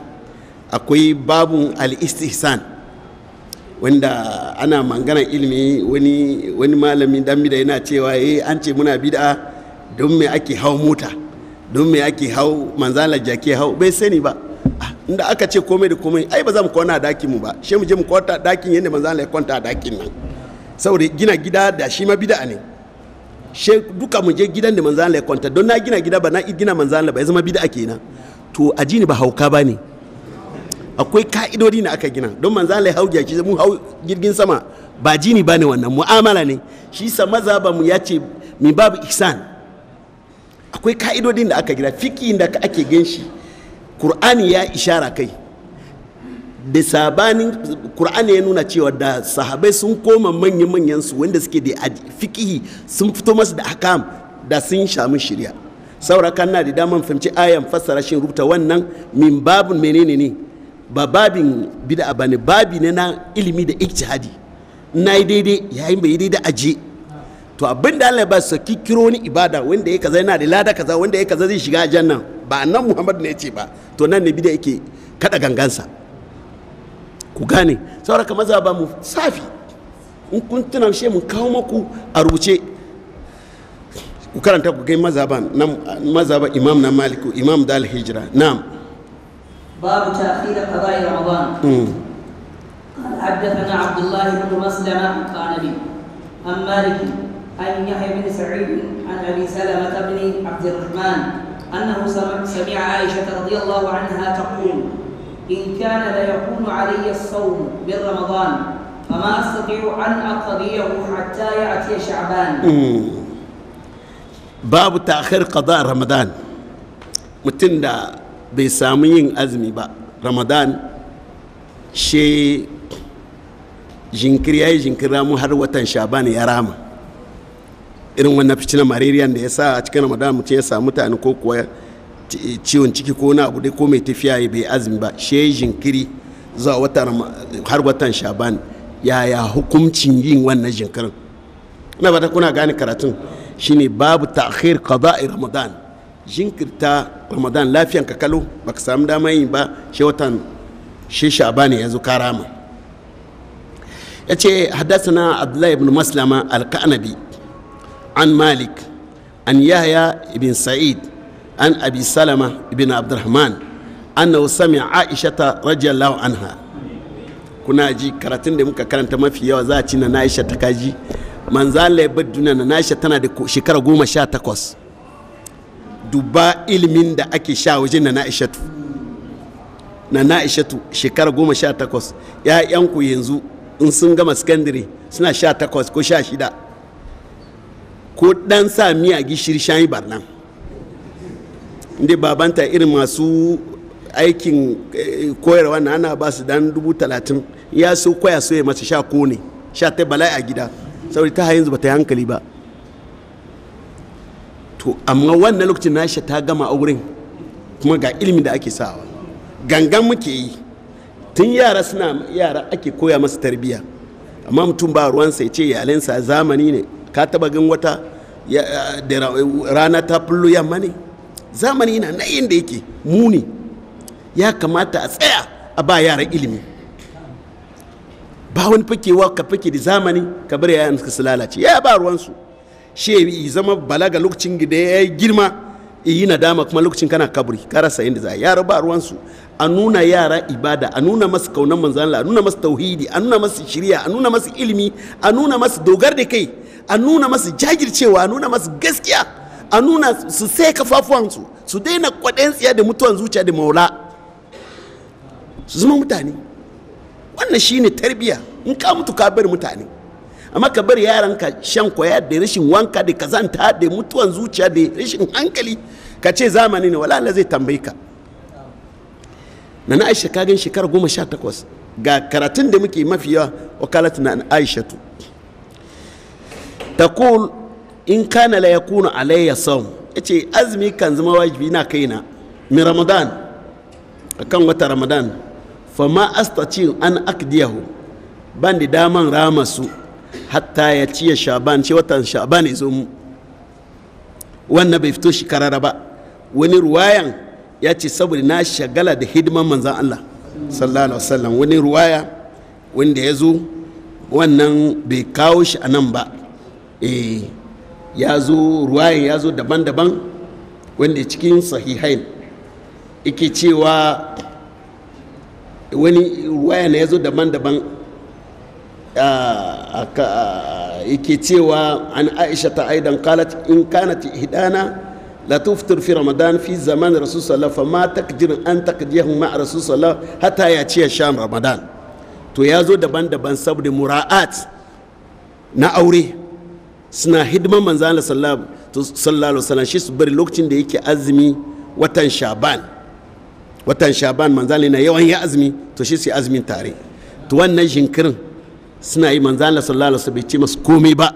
akwai babun al-istihsan wanda ana mangana ilimi wani wani malami dan bida yana cewa eh an ce muna bid'a don me ake hau mota don me ake hau manzala jake hau bai sani ba ah, inda aka ce komai da komai ai ba za mu kwana a dakin mu ba shi mu je mu kwanta dakin yadda manzala ya kwanta a dakin nan saboda gina gida da shi ma bid'a ne she duka mu je gidan da manzala ya kwanta don na gina gida ba na gina manzala ba ya zama bid'a kenan to ajini ba hauka ba ne akwai ka'idodi na aka gina don manzo Allah ya hau mu hau jirgin sama ba jini bane wannan mu'amala ne shi sa maza ba mu yace mi babu ihsan akwai ka'idodin da aka gina fiki da ake gan shi qur'ani ya ishara kai da sabanin qur'ani ya nuna cewa da sahabai sun koma manyan manyan su wanda suke da fikihi sun fito masu da hakam da sun shamu shirya saura na da daman fahimci ayan fassara shin rubuta wannan min babun menene ne ba babin bid'a bane babi ne na ilimi da ijtihadi na yi daidai yayin bai yi daidai aje to abin da Allah ba su kikiro ni ibada wanda ya kaza yana da lada kaza wanda ya kaza zai shiga jannan ba nan Muhammad ne ce ba to nan ne bid'a yake kada gangansa ku gane saboda kamar za ba mu safi in kun tuna shi mun kawo maku a rubuce ku karanta ku kai mazhaban nan mazhaban imam na maliku imam dal hijra na'am باب تاخير قضاء رمضان قال حدثنا عبد الله بن مسلم قال لي عن مالك عن يحيى بن سعيد عن ابي سلمه بن عبد الرحمن انه سمع عائشه رضي الله عنها تقول ان كان ليكون علي الصوم من رمضان فما استطيع ان اقضيه حتى ياتي شعبان باب تاخير قضاء رمضان متن bai samu yin azumi ba ramadan she jinkiri ya yi jinkiri ramu har watan shaban ya rama irin wannan fitina maririyan da ya sa a cikin ramadan mutum ya samu mutane ko kuwa ciwon ciki ko na abu dai ko mai tafiya ya bai azumi ba she jinkiri zuwa watan har watan shaban yaya hukuncin yin wannan jinkirin na ba ta kuna gane karatun shine babu ta'khir qada'i ramadan jinkirta ramadan lafiyan ka kalo baka samu dama yi ba shi watan shi ya zo ma. ya ce haddasana abdullahi ibn maslama alka'anabi an malik an yahya ibn sa'id an abi salama ibn abdurrahman ta Aisha ta radiyallahu anha kuna ji karatun da muka karanta mafi yawa za a ci na aisha ta kaji manzan laibar duniya na aisha tana da shekara goma sha takwas duba ilimin da ake sha waje na na'ishatu na na'ishatu shekara goma sha takwas ya'yanku yanzu in sun gama sakandare suna sha takwas ko sha shida ko dan sa miya gishiri shayi barnan inda babanta irin masu aikin eh, koyarwa na ana ba su dan dubu talatin ya so koya so ya masa sha ko sha ta bala'i a gida sauri ta yanzu ba ta hankali ba to amma wannan lokacin nasha ta gama a wurin kuma ga ilimin da ake sawa gangan muke yi tun yara suna yara ake koya masa tarbiya amma mutum ba ruwansa ya ce yalensa zamani ne ka taba gan wata rana ta fullo yamma ne zamani na na da yake muni ya kamata a tsaya a ba yara ilimi ba wani fakewa ka fake da zamani ka bar yayan su lalace ya ba ruwan su. yi zama balaga lokacin da ya yi girma yi dama kuma lokacin kana kaburi ka rasa yadda za yara ba ruwansu a nuna yara ibada a nuna masu kaunan manzan a nuna masu tauhidi a nuna masu shirya a nuna masu ilimi a nuna masu dogar da kai a nuna masu jajircewa a nuna masu gaskiya a nuna su sai kafafuwansu su daina kwaɗayin tsiya da mutuwan zuciya da maula su zama mutane wannan shine tarbiya in ka mutu ka bar mutane amma ka bar yaranka shan kwaya da rashin wanka da kazanta da mutuwan zuciya da rashin hankali ka ce zamani ne wala Allah zai tambayi ka nana aisha kagan shekara goma sha takwas ga karatun da muke mafi yawa wakalat na aisha tu taqul in kana la yakunu alayya sawm yace azumi kan zama wajibi na kaina min ramadan akan wata ramadan fa ma astati an akdiyahu ban da daman rama su hatta ya ciye shaban ce watan shaban ya zo mu wannan bai fito shi karara ba wani ruwayan ya ce saboda na shagala da hidiman manzan Allah sallallahu alaihi wasallam wani ruwaya wanda ya zo wannan bai kawo shi a nan ba eh ya zo ruwayan ya zo daban-daban wanda cikin sahihain ike cewa wani ruwaya na ya zo daban-daban yake cewa an aisha ta aidan qalat in kanat hidana la tuftir fi ramadan fi zaman rasul sallallahu fa ma takdir an taqdiyahu ma rasul sallallahu hatta ya ci sham ramadan to ya zo daban-daban saboda mura'at na aure suna hidiman manzo Allah sallallahu alaihi wasallam shi su bari lokacin da yake azumi watan shaban watan shaban manzo na yawan ya azumi to shi su azumin tare to wannan jinkirin suna yi manzo Allah sallallahu alaihi wasallam bai ce masu komai ba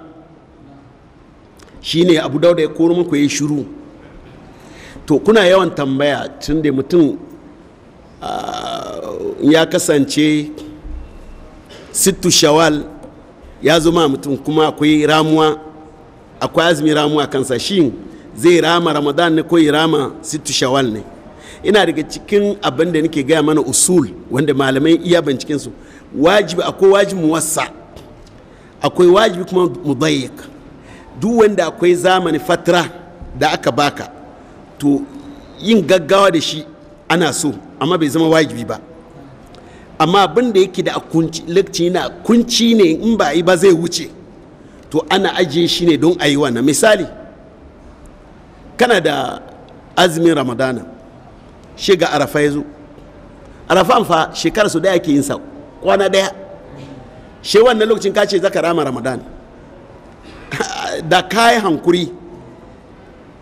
shine Abu Dawud ya koro muku yayi shiru to kuna yawan tambaya tun da mutum ah, ya kasance sittu shawal ya zama mutum kuma akwai ramuwa akwai azumi ramuwa kansa shi zai rama ramadan ne ko rama sittu shawal ne ina daga cikin abin da nake gaya mana usul wanda malamai iya bincikensu su wajibi akwai wajibi muwassa akwai wajibi kuma mudayyak duk wanda akwai zamani fatra da aka baka to yin gaggawa da shi ana so amma bai zama wajibi ba amma abin da yake da kunci na kunci ne in ba yi ba zai wuce to ana ajiye shi ne don a yi wannan misali kana da azumin ramadana shiga arafa ya zo arafa fa shekara su da yake yin sau kwana daya shi wannan lokacin ka ce zaka rama ramadan da ka yi hankuri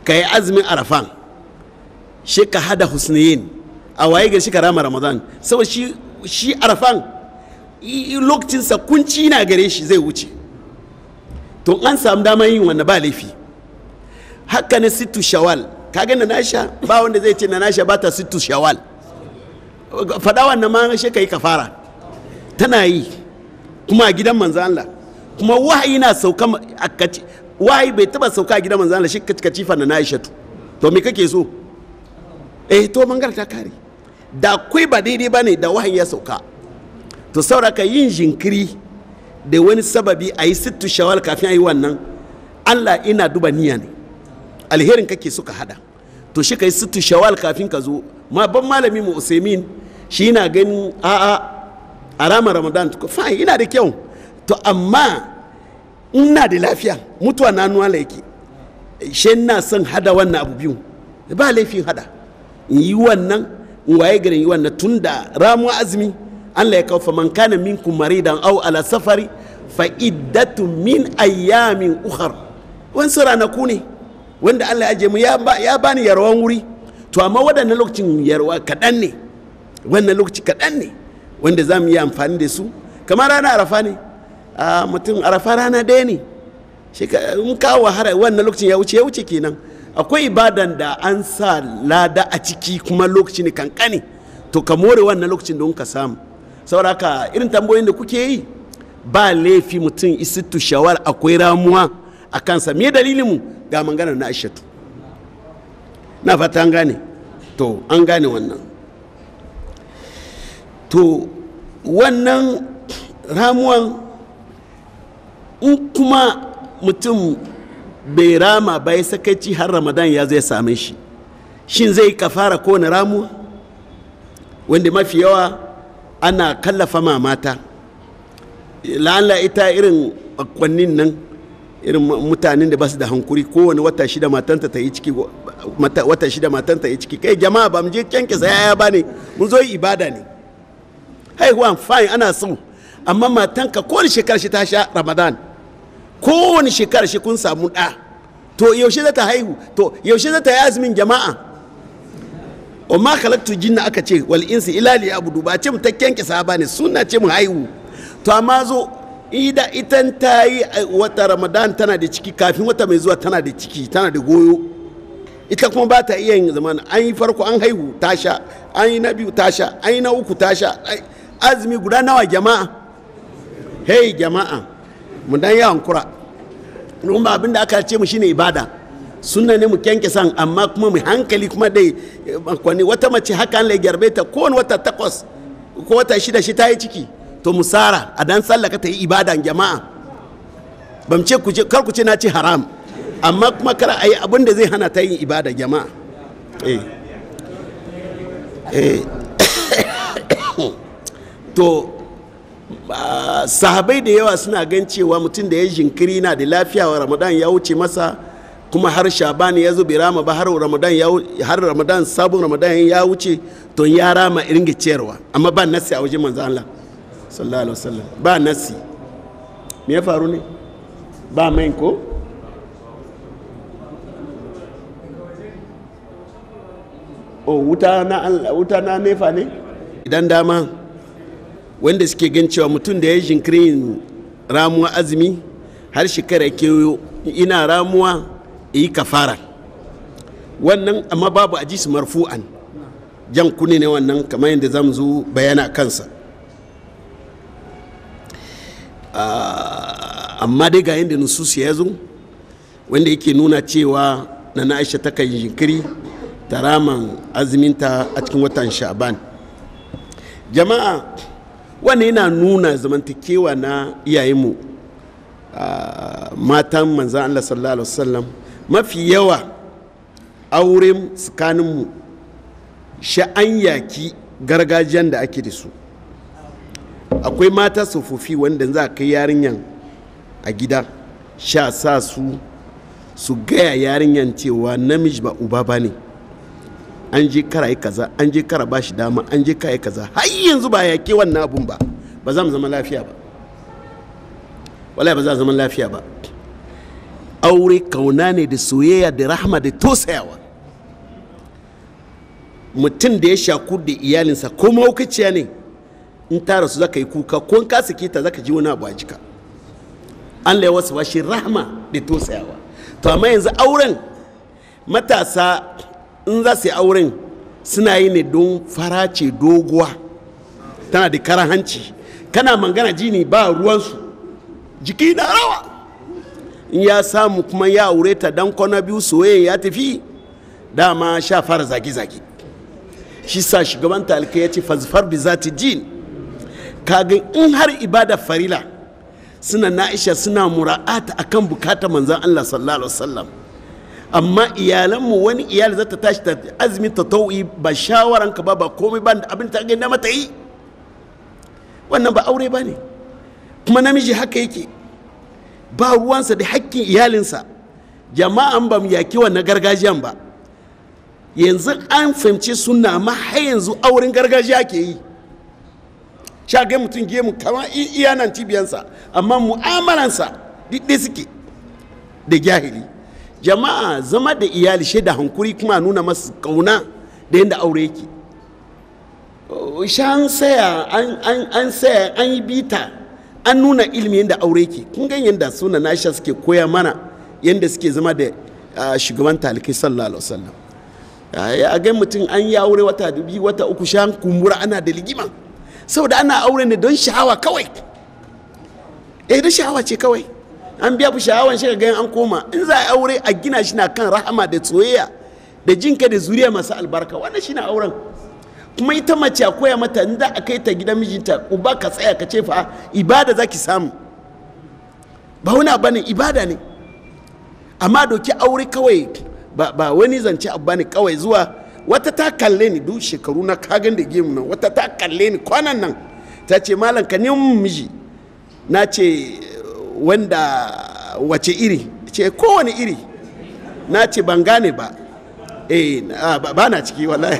ka yi azumin arafan shi ka hada husniyin a waye gari shi ka rama ramadan saboda shi shi arafan lokacinsa kunci na gare shi zai wuce to an samu damar yin wannan ba laifi haka ne situ shawal ga na nasha ba wanda zai ce na nasha ba ta situ shawal faɗa wannan ma shi ka yi kafara fara tana yi kuma a gidan manzan Allah kuma wahayi na sauka a wahayi bai taba sauka a gidan manzan Allah shi kacifa na Aisha to me kake so eh to mangar ta kare da kai ba daidai ba ne da wahayi ya sauka to sauraka yin jinkiri da wani sababi a yi sittu shawal kafin a yi wannan allah ina duba niyya ne alherin kake suka hada to shi ka yi sittu shawal kafin ka zo ma ban malami mu usaimin shi na ganin a'a a rama ramadan to fine ina da kyau to amma ina da lafiya mutuwa na nuwa laiki she na son hada wannan abu biyu ba laifin hada in yi wannan in waye garin yi wannan tun da ramu azumi Allah ya kawo man kana minkum dan au ala safari fa iddatu min ayyamin ukhar wansu ranaku ne wanda Allah ya mu ya bani yarwan wuri to amma waɗannan lokacin yarwa kaɗan ne wannan lokaci kaɗan ne wanda za mu yi amfani da su kamar rana arafa ne a mutum arafa rana ɗaya ne in ka wahara wannan lokacin ya wuce ya wuce kenan akwai ibadan da an sa lada a ciki kuma lokaci ne kankani to ka more wannan lokacin don ka samu sauraka irin tambayoyin da kuke yi ba laifi mutum isittu shawar akwai ramuwa a kansa me dalilin mu ga magana na aishatu na fata an gane to an gane wannan to wannan ramuwan in kuma mutum bai rama ba ya sakaici har ramadan ya zai same shi shin zai kafara kowane ramuwa wanda mafi yawa ana kallafa ma mata. la'alla ita irin kwannin nan irin mutanen da ba su da hankuri kowane wata shida matanta ta yi ciki wata shida matanta ta yi ciki kai jama'a ba mu je kyanke Yaya ba ne, mun zo yi ibada ne Haihuwa fine ana so amma matanka kowane shekara shi ta sha ramadan kowane shekara shi kun samu ɗa to yaushe za ta haihu to yaushe za ta yi azumin jama'a wa ma khalaqtu jinna aka ce wal insi ilali li abudu ba ce mu ta kyanke ba ne suna ce mu haihu to amma zo ida itan ta yi wata ramadan tana da ciki kafin wata mai zuwa tana da ciki tana da goyo ita kuma ba ta iya yin zaman an yi farko an haihu tasha an yi na biyu tasha an yi na uku tasha azumi guda nawa jama'a hey jama'a mu dan yawan kura don ba abinda aka ce mu shine ibada sunna ne mu kyanke san amma kuma mu hankali kuma dai kwani wata mace haka an gyarbe ta kowane wata takwas ko wata shida shi ta yi ciki to mu sara a dan ka ta yi ibadan jama'a bam ce kar ku ce na ce haram amma kuma kar a yi abin da zai hana ta yin ibada jama'a eh eh to sahabai da yawa suna gan cewa mutum da ya jinkiri na da lafiya wa ramadan ya wuce masa kuma har shabani ya zo bai rama ba har ramadan ya har ramadan sabon ramadan ya wuce to ya rama irin ciyarwa amma ba nasi a wajen manzo Allah sallallahu alaihi wasallam ba nasi me ya faru ne ba mai ko oh wuta na wuta na nefa ne idan dama wanda suke gan cewa mutum da ya yi jinkirin ramuwa azumi har shekara ke ina ramuwa yi kafara wannan amma babu ajis marfu'an jan kuni ne wannan kamar yadda zamu zo bayana kansa ah, amma dai ga yadda nusus ya zo wanda yake nuna cewa na na'isha ta kan jinkiri ta raman azuminta a cikin watan sha'ban jama'a wannan yana nuna zamantakewa na iyayenmu ah, matan manzan Allah sallallahu alaihi wasallam mafi yawa auren tsakaninmu sha'an yaki gargajiyan da ake da su akwai mata tsofaffi wanda za a kai yarinyan a gida sha sa su su gaya yarinyan cewa namiji ba uba ba ne an je kara yi kaza an je kara ba shi dama an je kara yi kaza har yanzu ba ya ke wannan abun ba ba za mu zama lafiya ba wallahi ba za zama lafiya ba aure kauna ne da soyayya da rahama da tosayawa mutum da ya shaku da iyalinsa ko maukaciya ne in tara su zaka yi kuka ko in kasa kita zaka ji wani abu a jika an ya wasu shi rahama da tosayawa to amma yanzu auren matasa in za su yi auren suna yi ne don farace doguwa tana da kara hanci kana mangana jini ba ruwansu jiki na rawa in ya samu kuma ya aure ta dan kwana biyu soyayya ya tafi dama sha fara zage zagi shi sa shugaban talika ya ce fazfar bi zati jin kaga in har ibada farila suna na'isha suna mura'ata akan bukatar manzan allah sallallahu alaihi wasallam amma iyalanmu wani iyali za ta tashi ta azumi ta tau'i ba shawaran ka ba ba komai ba abin ta ga mata yi wannan ba aure ba ne kuma namiji haka yake ba ruwansa da hakkin iyalinsa jama'an ba mu yaki wannan gargajiyan ba yanzu an fahimci suna ma har yanzu auren gargajiya ke yi sha ga mutum gemu kama iya nan cibiyansa amma mu'amalansa duk suke da jahili jama'a zama da iyali shaida hankuri kuma nuna masu kauna da yadda aure yake oh, shan saya an saya an yi bita an nuna ilimin yadda aure yake kun gan yadda suna nasha suke koya mana yadda suke zama da ah, shugaban talikai sallallahu alaihi wasallam ah, a gan mutum an yi aure wata dubi wata uku shan kumbura ana da ligima saboda ana aure ne don sha'awa kawai eh don sha'awa ce kawai an biya fi sha'awan shi ga an koma in za a aure a gina shi na kan rahama da soyayya da jinka da zuriya masu albarka wannan shi na auren kuma ita mace a koya mata in za a kai ta gidan mijinta uba ka tsaya ka ce fa ibada zaki samu ba wani abu ne ibada ne amma doki aure kawai ba, wani zance abu ne kawai zuwa wata ta kalle ni duk shekaru na kagan da gemu nan wata ta kalle ni kwanan nan ta ce malam ka miji na ce wanda wace iri ce kowane iri na ce ban gane ba eh ba na ciki wallahi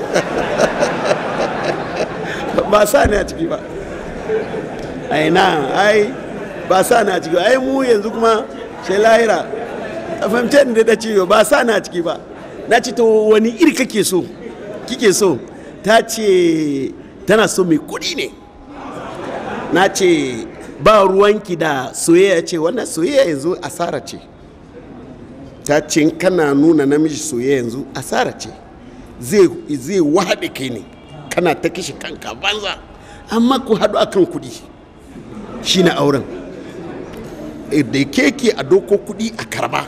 ba sa ne a ciki ba ai na ai ba sa ne a ciki ai mu yanzu kuma sai lahira a fahimce ni da ce ba sa ne a ciki ba na ce ta wani iri kake so kike so ta ce tana so mai kudi ne na ce ba ruwanki da soyayya ce wannan soyayya yanzu asara ce ta ce kana nuna namiji soyayya yanzu asara ce zai wahaɗe kai ne kana ta kishi kanka banza amma ku haɗu akan kuɗi shi na auren da keke a doko kuɗi a karba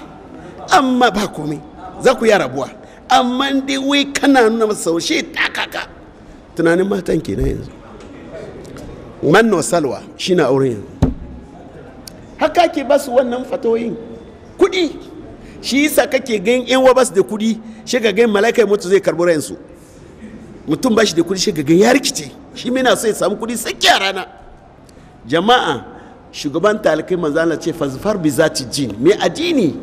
amma ba komai za ku yara rabuwa amma dai wai kana nuna masa shi kaka tunanin matan kenan yanzu manno salwa shine aure yanzu haka ke su wannan fatoyin kudi shi yasa kake gan yan wa su da kudi shi ga gan malaika mutu zai karbi rayansu mutum shi da kudi shi ga gan ya rikice shi mina so ya samu kudi sai rana jama'a shugaban talikai manzana ce fazfar bi zati jin mai addini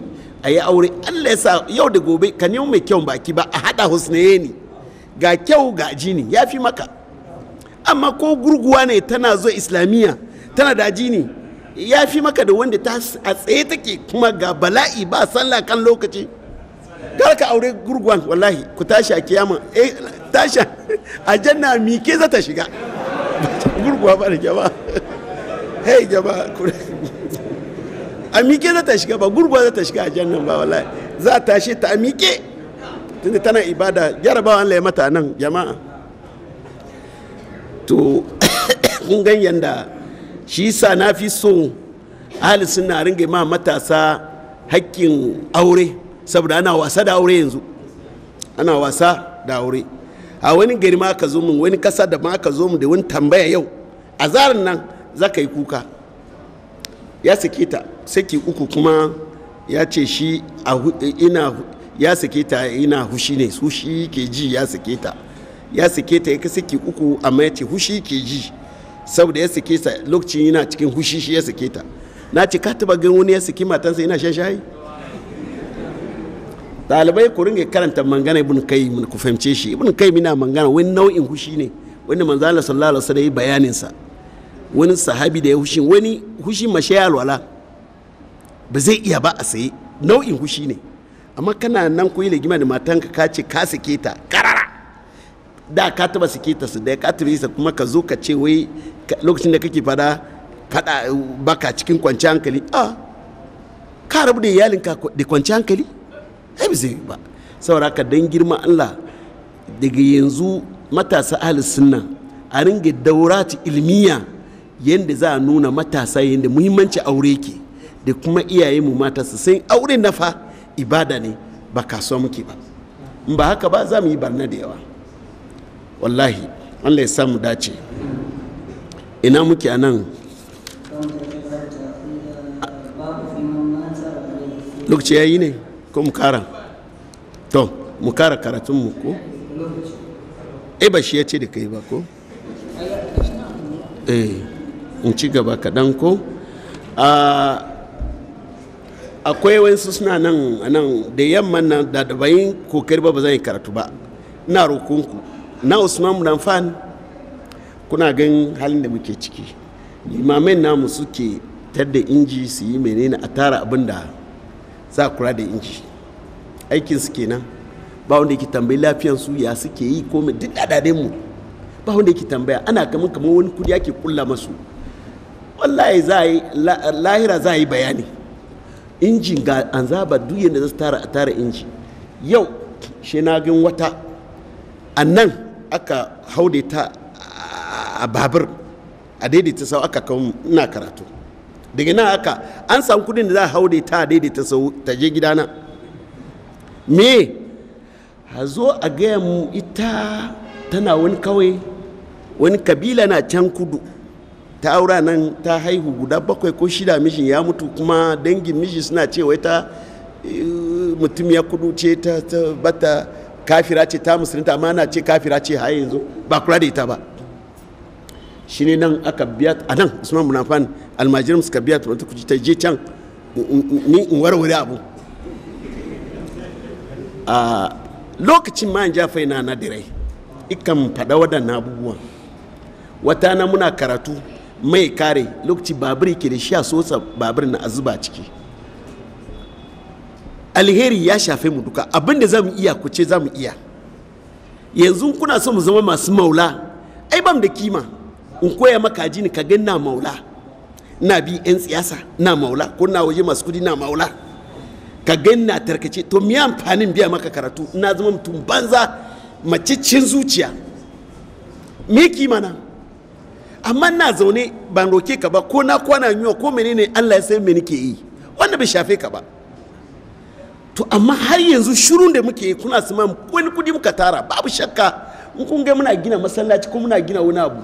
a yi aure allah ya sa yau da gobe ka yi mai kyau baki ba a hada husnayeni ga kyau ga jini ya fi maka amma ko gurguwa ne tana zo islamiyya tana da ne ya fi maka da wanda ta a tsaye take kuma ga bala'i ba sallah kan lokaci kada ka aure gurguwan wallahi ku tashi a kiyama eh, tashi a janna mi ke za ta shiga gurguwa ba da jama hey jama a mike za ta shiga ba gurguwa za ta shiga a jannan ba wallahi za ta tashi ta a mike tunda tana ibada jarabawa Allah ya mata nan jama'a to kun gan yanda shi sa na fi so ahli suna ringa ma matasa hakkin aure saboda ana wasa da aure yanzu ana wasa da aure a wani gari ma ka zo min wani kasa da ma ka zo mu, da wani tambaya yau a zarin nan za ka yi kuka ya sake ta saki uku kuma ya ce shi ina ya sake ta ina hushi ne su shi ke ji ya sake ta ya sike ta ya ka saki uku amma ya ce hushi ke ji saboda ya sike sa lokacin yana cikin hushi shi ya sike ta na ce ka taba gan wani ya sike matansa yana shan shayi dalibai ku ringa karanta mangana ibn kayyim ku fahimce shi ibn kayyim yana mangana wani nau'in hushi ne wani manzo Allah sallallahu alaihi wasallam ya bayanin sa wani sahabi da ya hushi wani hushi mashe alwala ba zai iya ba a saye nau'in hushi ne amma kana nan ku yi ligima da matanka ka ce ka sike ta kara da ka taba sike ta su da ka taba isa kuma ka zo ka ce wai lokacin da kake fada fada baka cikin kwanci hankali a ka rabu da ka da kwanci hankali ai ba zai ba saboda ka dan girma Allah daga yanzu matasa ahli sunna a ringa daurati ilmiya yadda za a nuna matasa yadda muhimmanci aure ke da kuma iyaye mu mata su san aure nafa ibada ne ba kasuwa muke ba ba haka ba za mu yi barna da yawa wallahi allah ya samu dace ina muke a nan lokaci ya yi ne ko mu kara to mu kara karatun mu ko e ba shi ya ce da kai ba ko eh in ci gaba kaɗan ko akwai wasu suna nan nan da yamma na da bayin kokari ba ba zan yi karatu ba ina roƙonku na usman munafan kuna gan halin da muke ciki limamai namu suke da inji su yi menene a tara abin da za kula da inji aikin su kenan ba wanda yake tambayi lafiyan su ya suke yi ko duk da mu ba wanda yake tambaya ana kaman kamar wani kudi ake kulla masu wallahi za yi lahira za a yi bayani inji ga an zaba duk yadda za su tara a tara inji yau shi na gan wata a nan aka haude ta a babur a daidaita sau aka kawo ina karatu daga nan aka an samu kudin da za a haude ta a daidaita sau ta je gidana me a zo a gaya mu ita tana wani kawai wani kabila na can kudu ta aura nan ta haihu guda bakwai ko shida mishin ya mutu kuma dangin mishi suna cewa ta eh, mutum ya kudu ce ta bata kafira ce ta musulunta amma na ce kafira ce haye yanzu ba kula da ita ba shi ne nan aka biya a nan usman munafan almajirin suka biya ta wata je can ni in warware abu a lokacin ma ja fai na na dirai ikan faɗa waɗannan abubuwan wata na muna karatu mai kare lokaci babur ke da shi a sosa babur na azuba ciki alheri ya shafe mu duka abin da za mu iya ku ce za mu iya yanzu kuna so mu zama masu maula ai bam da kima in koya maka ji ka ga na maula na bi yan siyasa na maula ko na waje masu kudi na maula ka ga na tarkace to me amfanin biya maka karatu na zama mutum banza macicin zuciya me kima na amma na zaune ban roke ka ba ko na kwana yunwa ko menene Allah ya san me nake yi wanda bai shafe ka ba to amma har yanzu shirun da muke yi kuna siman wani kudi muka tara babu shakka in kun ga muna gina masallaci ko muna gina wani abu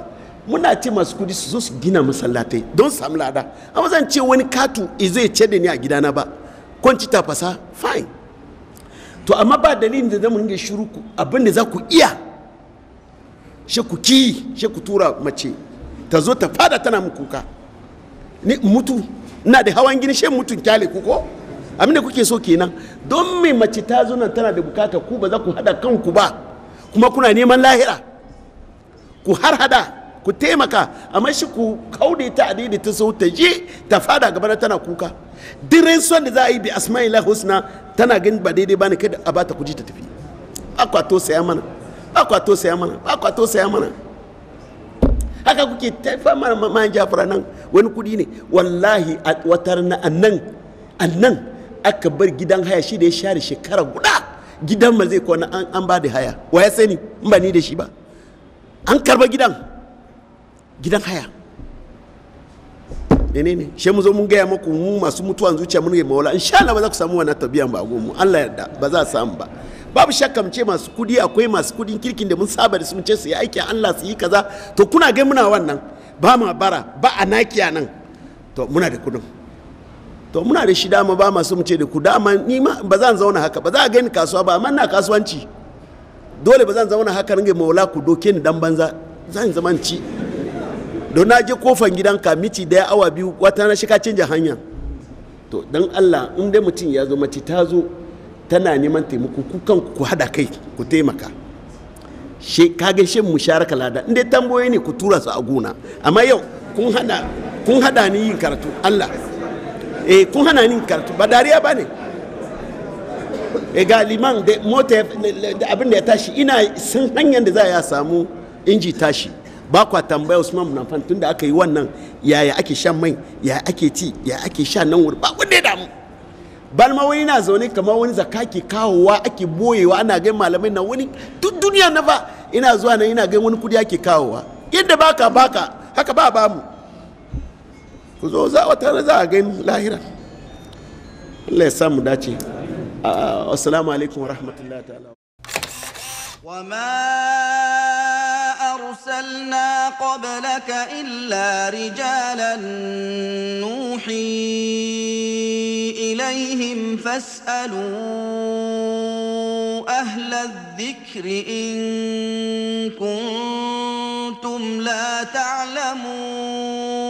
muna ce masu kudi su zo su gina masallatai don samu lada amma zan ce wani katu zai ce da ni a gidana ba kwanci ta fasa fine to amma ba dalilin da zamu ringa shiru ku abin da za ku iya she ku ki she ku tura mace ta zo ta fada tana mu kuka ni mutu ina da hawan gini she mutun kyale ku ko abin da kuke so kenan don mai mace ta zo nan tana da bukata ku ba za ku hada kanku ba kuma kuna neman lahira ku har hada ku taimaka amma shi ku kaude ta a ta sau ta je ta fada gaba tana kuka diren son da za a yi bi asma'ila husna tana gani ba daidai ba ne kada a bata kuji ta tafi akwato saya mana akwato saya mana akwato saya mana haka kuke taifa mana ma'an jafara nan wani kudi ne wallahi a watar na annan annan aka bar gidan haya shi da ya share shekara guda gidan ma zai kwana an ba da haya wa ya sani ba ni da shi ba an karba gidan gidan haya ne ne shi mu zo mun gaya muku mu masu mutuwan zuciya mun gaya wala insha Allah ba za ku samu wannan tabiyan ba mu Allah yarda ba za samu ba babu shakka mu ce masu kudi akwai masu kudin kirkin da mun saba da su mu ce su yi aiki Allah su yi kaza to kuna ga muna wannan ba ma bara ba a nakiya nan to muna da kudin to muna da shi dama ba masu mu ce da ku dama ni ba zan zauna haka ba za a gani kasuwa ba amma na kasuwanci dole ba zan zauna haka ringa maula ku doke ni dan banza zan zaman ci don na je kofan ka miti daya awa biyu wata na shika canja hanya to dan Allah in dai mutum ya zo mace ta zo tana neman taimako ku kanku ku hada kai ku taimaka she kage shin musharaka lada in dai tamboye ne ku tura su a gona amma yau kun hada kun hada ni yin karatu Allah eh kun hana ni karatu ba dariya ba ne eh, ga liman da mota abin da ya tashi ina sun hanyar da za a samu inji tashi ba kwa tambaya usman munafan tunda aka yi wannan yaya ake shan mai ya ake ci ya ake sha nan wuri ba wanda ya damu balma wani na zaune kamar wani zaka ke kawowa ake boyewa ana gai malamai na wani duk duniya na ba ina zuwa nan ina gai wani kudi ake kawowa yadda baka baka haka ba mu ku zo za wata na za a gani lahira Allah ya samu dace assalamu alaikum wa rahmatullahi ta'ala أرسلنا قبلك إلا رجالا نوحي إليهم فاسألوا أهل الذكر إن كنتم لا تعلمون